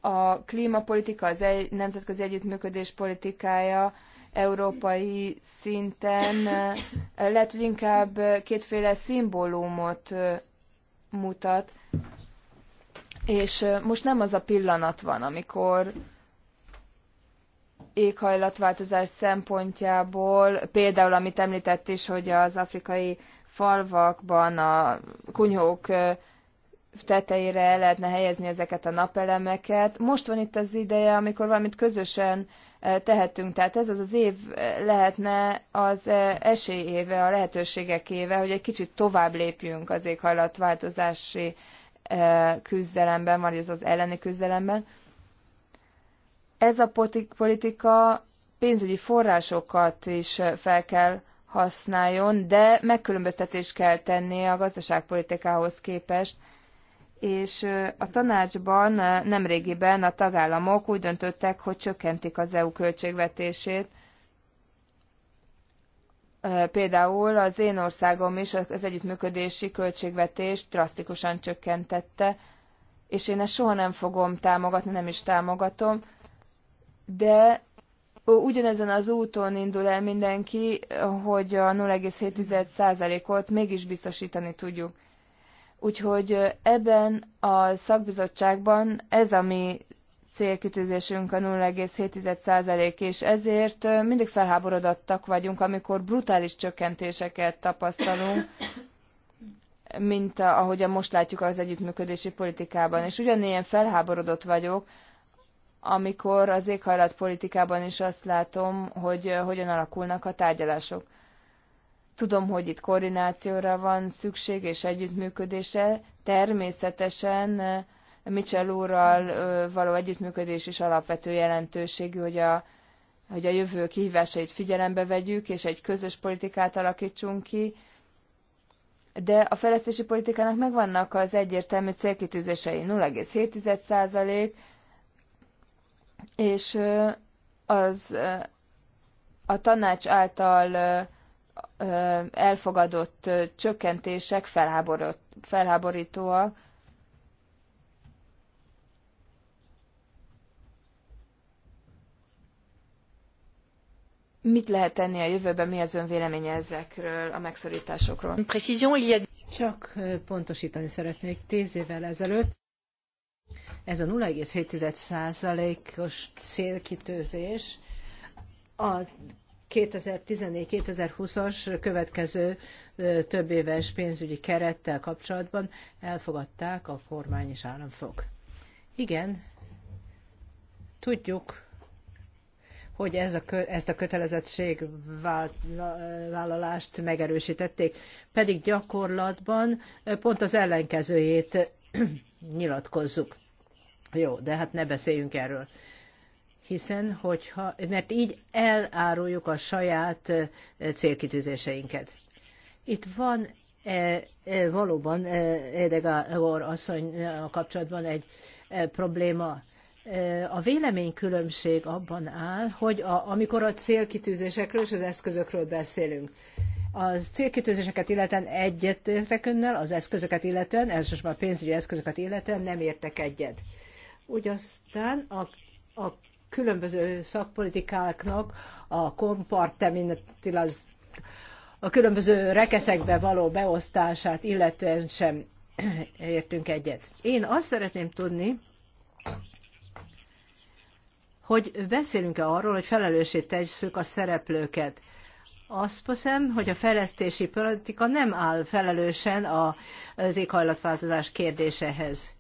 A klímapolitika, az egy, nemzetközi együttműködés politikája európai szinten eh, lehet, hogy inkább kétféle szimbólumot eh, mutat, és most nem az a pillanat van, amikor éghajlatváltozás szempontjából, például amit említett is, hogy az afrikai falvakban a kunyhók tetejére el lehetne helyezni ezeket a napelemeket. Most van itt az ideje, amikor valamit közösen tehetünk. Tehát ez az az év lehetne az esélyéve, a lehetőségek éve, hogy egy kicsit tovább lépjünk az éghajlatváltozási küzdelemben, vagy ez az elleni küzdelemben. Ez a politika pénzügyi forrásokat is fel kell használjon, de megkülönböztetést kell tenni a gazdaságpolitikához képest, és a tanácsban nemrégiben a tagállamok úgy döntöttek, hogy csökkentik az EU költségvetését. Például az én országom is az együttműködési költségvetést drasztikusan csökkentette, és én ezt soha nem fogom támogatni, nem is támogatom, de ugyanezen az úton indul el mindenki, hogy a 0,7%-ot mégis biztosítani tudjuk Úgyhogy ebben a szakbizottságban ez a mi célkitűzésünk a 0,7% és ezért mindig felháborodottak vagyunk, amikor brutális csökkentéseket tapasztalunk, mint ahogy most látjuk az együttműködési politikában. És ugyanilyen felháborodott vagyok, amikor az éghajlatpolitikában is azt látom, hogy hogyan alakulnak a tárgyalások. Tudom, hogy itt koordinációra van szükség és együttműködése. Természetesen eh, Mitchell úrral való együttműködés is alapvető jelentőségű, hogy a, hogy a jövő kihívásait figyelembe vegyük, és egy közös politikát alakítsunk ki. De a fejlesztési politikának megvannak az egyértelmű célkitűzései 0,7%, és az a tanács által elfogadott csökkentések felháborítóak. Mit lehet tenni a jövőben, mi az ön véleménye ezekről a megszorításokról? Csak pontosítani szeretnék, tíz évvel ezelőtt ez a 0,7%-os célkitőzés a 2014-2020-as következő több éves pénzügyi kerettel kapcsolatban elfogadták a kormány és államfog. Igen, tudjuk, hogy ez a, ezt a vállalást megerősítették, pedig gyakorlatban pont az ellenkezőjét <clears throat> nyilatkozzuk. Jó, de hát ne beszéljünk erről hiszen hogyha, mert így eláruljuk a saját célkitűzéseinket. Itt van e, e, valóban e, Edegor asszony e, kapcsolatban egy e, probléma. E, a véleménykülönbség abban áll, hogy a, amikor a célkitűzésekről és az eszközökről beszélünk, a célkitűzéseket illetően egyetértek önnel, az eszközöket illetően, elsősorban a pénzügyi eszközöket illetően nem értek egyet. aztán a, a különböző szakpolitikáknak a kompartementil a különböző rekeszekbe való beosztását illetően sem értünk egyet. Én azt szeretném tudni, hogy beszélünk-e arról, hogy felelőssé tesszük a szereplőket. Azt hiszem, hogy a fejlesztési politika nem áll felelősen az éghajlatváltozás kérdésehez.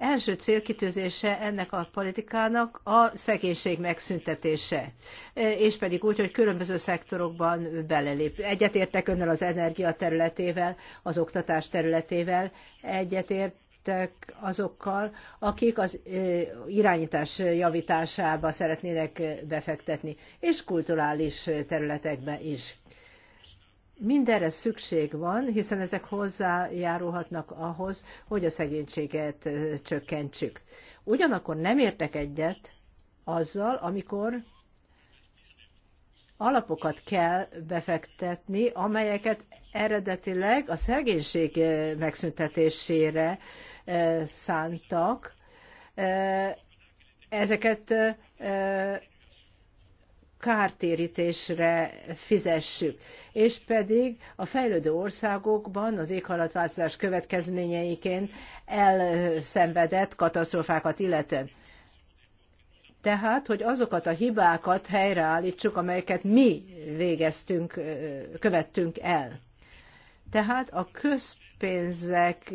Első célkitűzése ennek a politikának a szegénység megszüntetése, e, és pedig úgy, hogy különböző szektorokban belelép. Egyetértek önnel az energia területével, az oktatás területével, egyetért azokkal, akik az e, irányítás javításába szeretnének befektetni, és kulturális területekbe is. Mindenre szükség van, hiszen ezek hozzájárulhatnak ahhoz, hogy a szegénységet csökkentsük. Ugyanakkor nem értek egyet azzal, amikor alapokat kell befektetni, amelyeket eredetileg a szegénység megszüntetésére szántak. Ezeket kártérítésre fizessük. És pedig a fejlődő országokban az éghajlatváltozás következményeiként elszenvedett katasztrófákat illetően. Tehát, hogy azokat a hibákat helyreállítsuk, amelyeket mi végeztünk, követtünk el. Tehát a közpénzek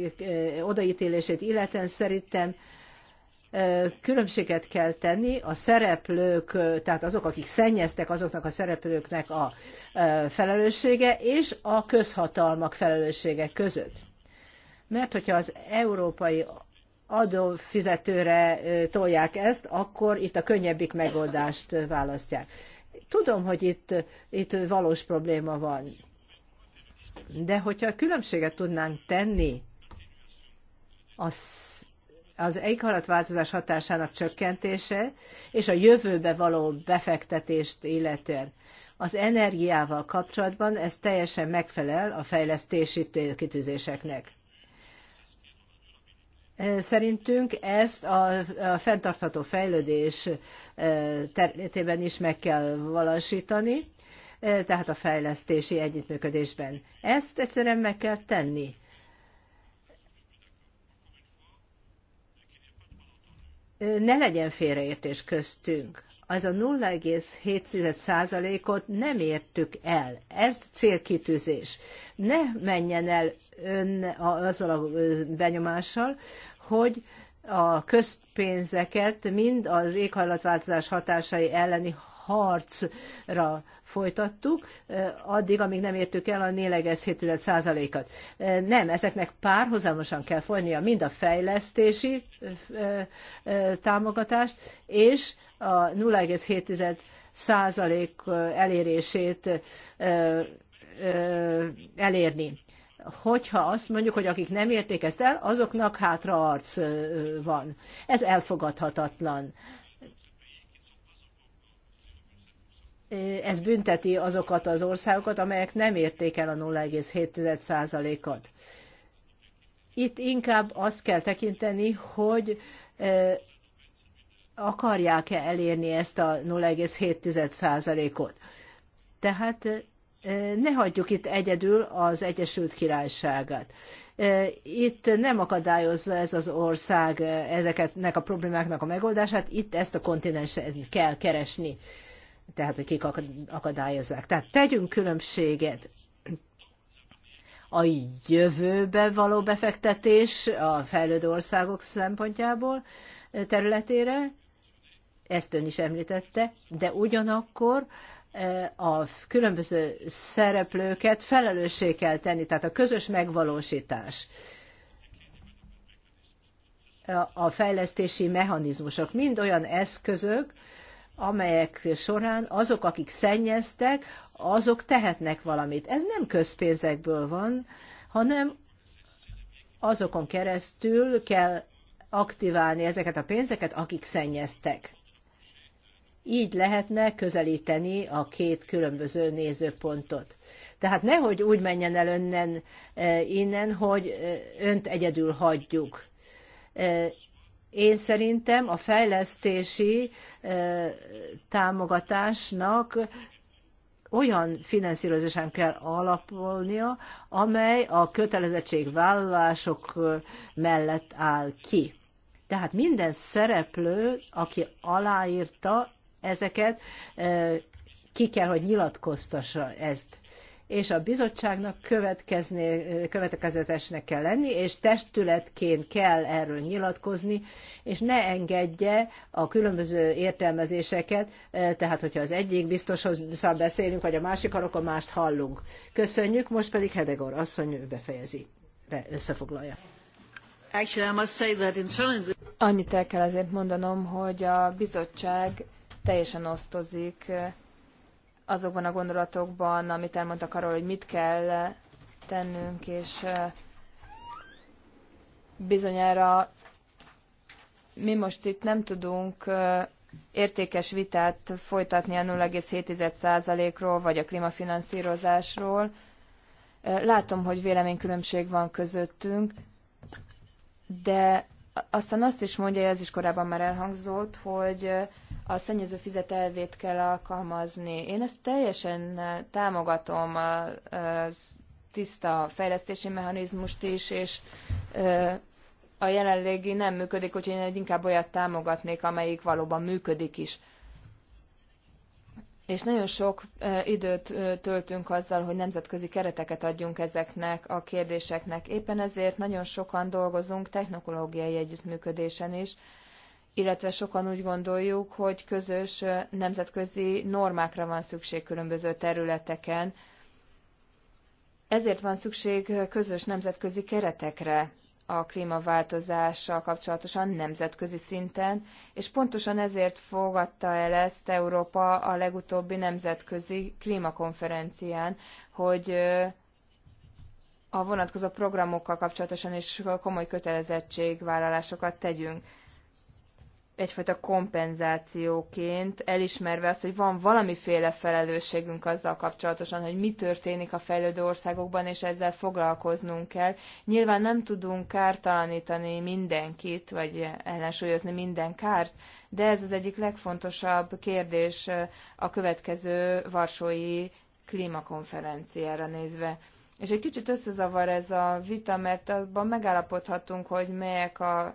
odaítélését illetően szerintem különbséget kell tenni a szereplők, tehát azok, akik szennyeztek, azoknak a szereplőknek a felelőssége és a közhatalmak felelőssége között. Mert hogyha az európai adófizetőre tolják ezt, akkor itt a könnyebbik megoldást választják. Tudom, hogy itt, itt valós probléma van. De hogyha különbséget tudnánk tenni a az éghajlatváltozás hatásának csökkentése és a jövőbe való befektetést illetően. Az energiával kapcsolatban ez teljesen megfelel a fejlesztési kitűzéseknek. Szerintünk ezt a, a fenntartható fejlődés e, területében is meg kell valósítani, e, tehát a fejlesztési együttműködésben. Ezt egyszerűen meg kell tenni ne legyen félreértés köztünk. Az a 0,7%-ot nem értük el. Ez célkitűzés. Ne menjen el ön azzal a benyomással, hogy a közpénzeket mind az éghajlatváltozás hatásai elleni harcra folytattuk, addig, amíg nem értük el a 4,7%-at. Nem, ezeknek párhuzamosan kell folynia mind a fejlesztési támogatást, és a 0,7 százalék elérését elérni. Hogyha azt mondjuk, hogy akik nem érték ezt el, azoknak hátraarc van. Ez elfogadhatatlan. ez bünteti azokat az országokat, amelyek nem érték el a 07 ot Itt inkább azt kell tekinteni, hogy akarják-e elérni ezt a 0,7%-ot. Tehát ne hagyjuk itt egyedül az Egyesült Királyságát. Itt nem akadályozza ez az ország ezeknek a problémáknak a megoldását, itt ezt a kontinensen kell keresni tehát hogy kik akadályozzák. Tehát tegyünk különbséget a jövőbe való befektetés a fejlődő országok szempontjából eh, területére, ezt ön is említette, de ugyanakkor eh, a különböző szereplőket felelőssé kell tenni, tehát a közös megvalósítás, a fejlesztési mechanizmusok mind olyan eszközök, amelyek során azok, akik szennyeztek, azok tehetnek valamit. Ez nem közpénzekből van, hanem azokon keresztül kell aktiválni ezeket a pénzeket, akik szennyeztek. Így lehetne közelíteni a két különböző nézőpontot. Tehát nehogy úgy menjen el önnen, eh, innen, hogy eh, önt egyedül hagyjuk eh, én szerintem a fejlesztési eh, támogatásnak olyan finanszírozásán kell alapulnia, amely a kötelezettségvállalások eh, mellett áll ki. Tehát minden szereplő, aki aláírta ezeket, eh, ki kell, hogy nyilatkoztassa ezt és a bizottságnak következetesnek kell lenni, és testületként kell erről nyilatkozni, és ne engedje a különböző értelmezéseket, e, tehát hogyha az egyik biztoshozzal beszélünk, vagy a másik, akkor mást hallunk. Köszönjük, most pedig Hedegor asszony befejezi, be összefoglalja. Annyit el kell azért mondanom, hogy a bizottság teljesen osztozik e, azokban a gondolatokban, amit elmondtak arról, hogy mit kell tennünk, és bizonyára mi most itt nem tudunk értékes vitát folytatni a 0,7%-ról vagy a klímafinanszírozásról. Látom, hogy véleménykülönbség van közöttünk, de aztán azt is mondja, ez is korábban már elhangzott, hogy a szennyező fizetelvét kell alkalmazni. Én ezt teljesen támogatom a tiszta fejlesztési mechanizmust is, és a jelenlegi nem működik, úgyhogy én inkább olyat támogatnék, amelyik valóban működik is. És nagyon sok időt töltünk azzal, hogy nemzetközi kereteket adjunk ezeknek a kérdéseknek. Éppen ezért nagyon sokan dolgozunk technológiai együttműködésen is, illetve sokan úgy gondoljuk, hogy közös nemzetközi normákra van szükség különböző területeken. Ezért van szükség közös nemzetközi keretekre a klímaváltozással kapcsolatosan nemzetközi szinten, és pontosan ezért fogadta el ezt Európa a legutóbbi nemzetközi klímakonferencián, hogy a vonatkozó programokkal kapcsolatosan is komoly kötelezettségvállalásokat tegyünk egyfajta kompenzációként, elismerve azt, hogy van valamiféle felelősségünk azzal kapcsolatosan, hogy mi történik a fejlődő országokban, és ezzel foglalkoznunk kell. Nyilván nem tudunk kártalanítani mindenkit, vagy ellensúlyozni minden kárt, de ez az egyik legfontosabb kérdés a következő Varsói klímakonferenciára nézve. És egy kicsit összezavar ez a vita, mert abban megállapodhatunk, hogy melyek a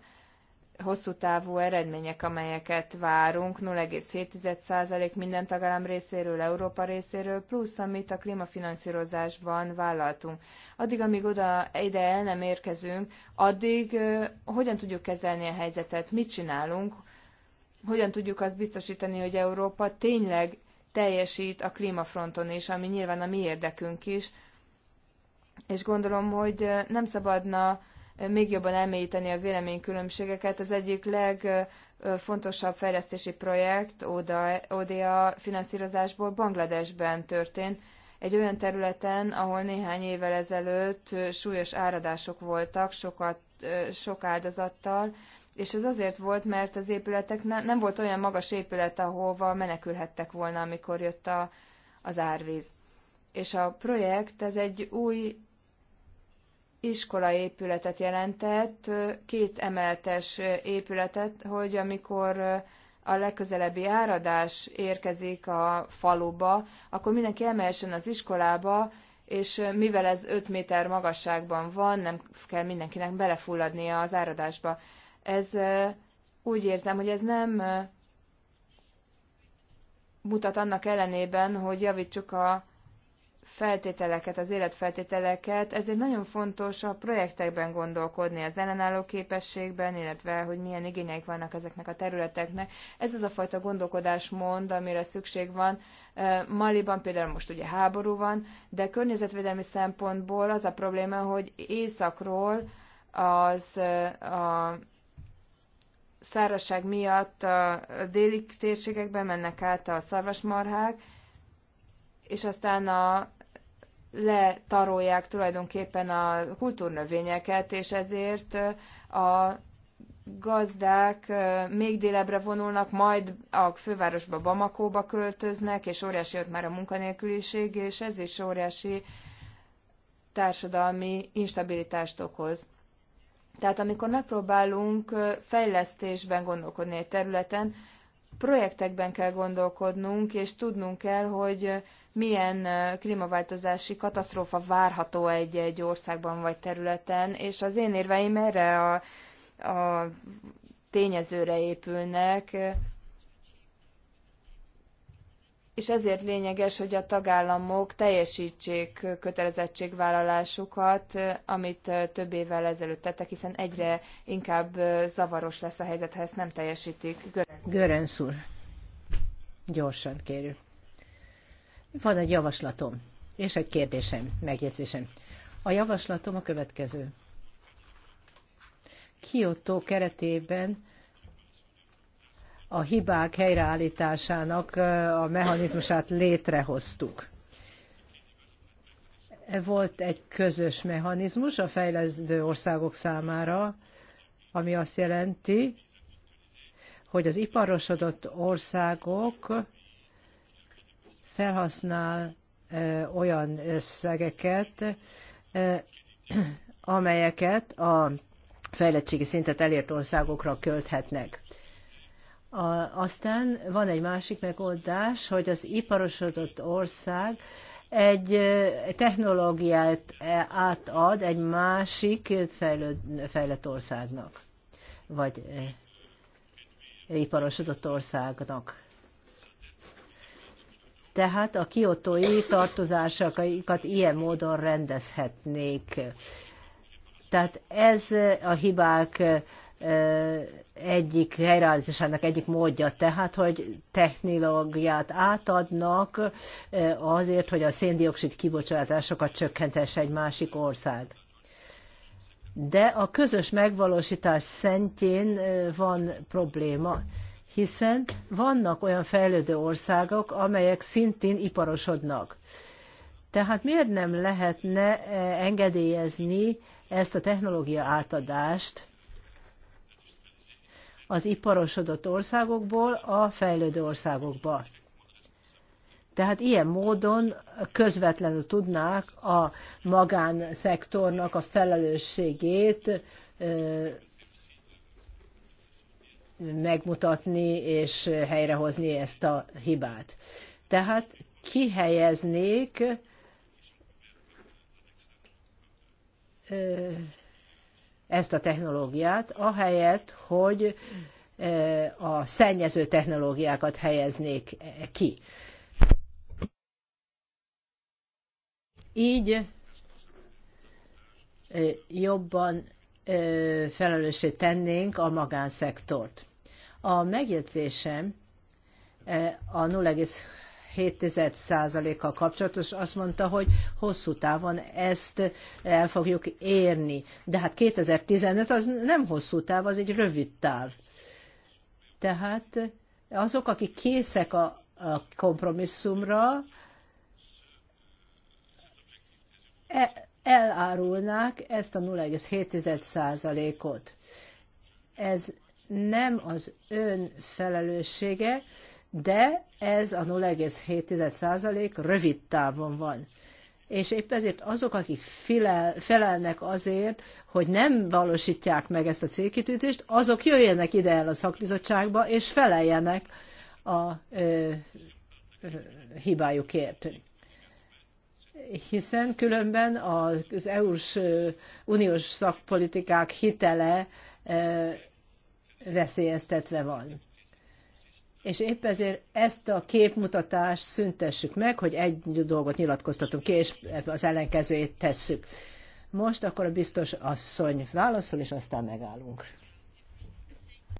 hosszú távú eredmények, amelyeket várunk, 0,7% minden tagállam részéről, Európa részéről, plusz amit a klímafinanszírozásban vállaltunk. Addig, amíg oda ide el nem érkezünk, addig uh, hogyan tudjuk kezelni a helyzetet, mit csinálunk, hogyan tudjuk azt biztosítani, hogy Európa tényleg teljesít a klímafronton is, ami nyilván a mi érdekünk is, és gondolom, hogy nem szabadna még jobban elmélyíteni a véleménykülönbségeket. Az egyik legfontosabb fejlesztési projekt ODA, ODA finanszírozásból Bangladesben történt, egy olyan területen, ahol néhány évvel ezelőtt súlyos áradások voltak, sokat, sok áldozattal, és ez azért volt, mert az épületek ne, nem volt olyan magas épület, ahova menekülhettek volna, amikor jött a, az árvíz. És a projekt, ez egy új iskolaépületet jelentett, két emeletes épületet, hogy amikor a legközelebbi áradás érkezik a faluba, akkor mindenki emeljen az iskolába, és mivel ez 5 méter magasságban van, nem kell mindenkinek belefulladnia az áradásba. Ez úgy érzem, hogy ez nem mutat annak ellenében, hogy javítsuk a feltételeket, az életfeltételeket, ezért nagyon fontos a projektekben gondolkodni, az ellenálló képességben, illetve hogy milyen igények vannak ezeknek a területeknek. Ez az a fajta gondolkodásmond, amire szükség van. Maliban például most ugye háború van, de környezetvédelmi szempontból az a probléma, hogy északról az a szárazság miatt a déli térségekben mennek át a szarvasmarhák, és aztán a letarolják tulajdonképpen a kultúrnövényeket, és ezért eh, a gazdák eh, még délebre vonulnak, majd a fővárosba Bamakóba költöznek, és óriási ott már a munkanélküliség, és ez is óriási társadalmi instabilitást okoz. Tehát amikor megpróbálunk eh, fejlesztésben gondolkodni egy területen, projektekben kell gondolkodnunk, és tudnunk kell, hogy milyen klímaváltozási katasztrófa várható egy, egy országban vagy területen, és az én érveim erre a, a tényezőre épülnek, és ezért lényeges, hogy a tagállamok teljesítsék kötelezettségvállalásukat, amit több évvel ezelőtt tettek, hiszen egyre inkább zavaros lesz a helyzet, ha ezt nem teljesítik. Görenc gyorsan kérjük. Van egy javaslatom, és egy kérdésem, megjegyzésem. A javaslatom a következő. kiotó keretében a hibák helyreállításának a mechanizmusát létrehoztuk. Volt egy közös mechanizmus a fejlődő országok számára, ami azt jelenti, hogy az iparosodott országok felhasznál olyan összegeket, amelyeket a fejlettségi szintet elért országokra költhetnek. A, aztán van egy másik megoldás, hogy az iparosodott ország egy technológiát átad egy másik fejlőd, fejlett országnak, vagy iparosodott országnak. Tehát a kiotói tartozásaikat ilyen módon rendezhetnék. Tehát ez a hibák egyik helyreállításának egyik módja, tehát, hogy technológiát átadnak azért, hogy a széndiokszid kibocsátásokat csökkentesse egy másik ország. De a közös megvalósítás szentjén van probléma hiszen vannak olyan fejlődő országok, amelyek szintén iparosodnak. Tehát miért nem lehetne eh, engedélyezni ezt a technológia átadást az iparosodott országokból a fejlődő országokba? Tehát ilyen módon közvetlenül tudnák a magánszektornak a felelősségét eh, megmutatni és helyrehozni ezt a hibát. Tehát kihelyeznék ezt a technológiát, ahelyett, hogy a szennyező technológiákat helyeznék ki. Így jobban felelőssé tennénk a magánszektort. A megjegyzésem e, a 0,7%-kal kapcsolatos azt mondta, hogy hosszú távon ezt el fogjuk érni. De hát 2015 az nem hosszú táv, az egy rövid táv. Tehát azok, akik készek a, a kompromisszumra, e, elárulnák ezt a 0,7%-ot. Ez nem az ön felelőssége, de ez a 0,7% rövid távon van. És épp ezért azok, akik felelnek azért, hogy nem valósítják meg ezt a célkitűzést, azok jöjjenek ide el a szakbizottságba, és feleljenek a ö, ö, hibájukért hiszen különben az EU-s uniós szakpolitikák hitele veszélyeztetve van. És épp ezért ezt a képmutatást szüntessük meg, hogy egy dolgot nyilatkoztatunk ki, és az ellenkezőjét tesszük. Most akkor a biztos asszony válaszol, és aztán megállunk.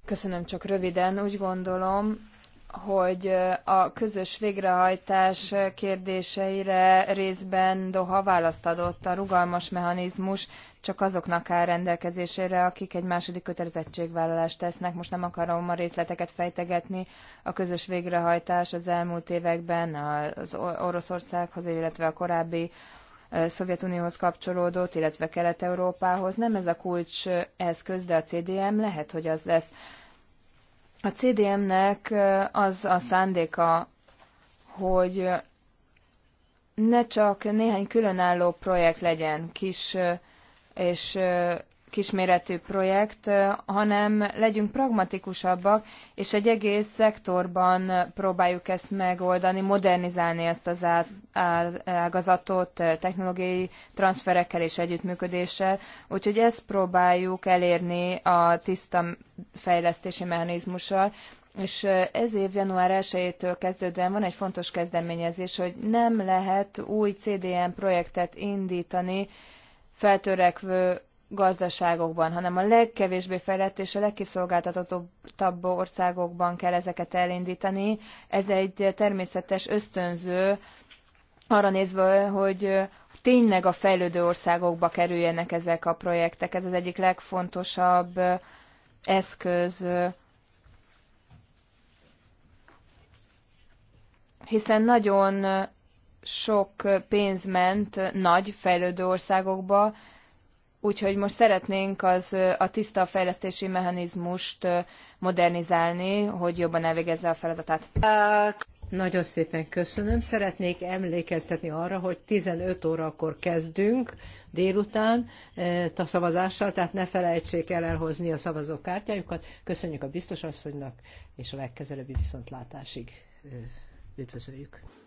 Köszönöm csak röviden. Úgy gondolom, hogy a közös végrehajtás kérdéseire részben Doha választ adott. A rugalmas mechanizmus csak azoknak áll rendelkezésére, akik egy második kötelezettségvállalást tesznek. Most nem akarom a részleteket fejtegetni. A közös végrehajtás az elmúlt években az Oroszországhoz, illetve a korábbi Szovjetunióhoz kapcsolódott, illetve Kelet-Európához. Nem ez a kulcs eszköz, de a CDM lehet, hogy az lesz. A CDM-nek az a szándéka, hogy ne csak néhány különálló projekt legyen, kis és kisméretű projekt, hanem legyünk pragmatikusabbak, és egy egész szektorban próbáljuk ezt megoldani, modernizálni ezt az ágazatot technológiai transferekkel és együttműködéssel. Úgyhogy ezt próbáljuk elérni a tiszta fejlesztési mechanizmussal, és ez év január 1-től kezdődően van egy fontos kezdeményezés, hogy nem lehet új CDM projektet indítani feltörekvő gazdaságokban, hanem a legkevésbé fejlett és a legkiszolgáltatottabb országokban kell ezeket elindítani. Ez egy természetes ösztönző arra nézve, hogy tényleg a fejlődő országokba kerüljenek ezek a projektek. Ez az egyik legfontosabb eszköz, hiszen nagyon sok pénz ment nagy fejlődő országokba, Úgyhogy most szeretnénk az, a tiszta fejlesztési mechanizmust modernizálni, hogy jobban elvégezze a feladatát. Nagyon szépen köszönöm. Szeretnék emlékeztetni arra, hogy 15 órakor kezdünk délután a szavazással, tehát ne felejtsék el elhozni a szavazókártyájukat. Köszönjük a biztosasszonynak, és a legközelebbi viszontlátásig üdvözöljük.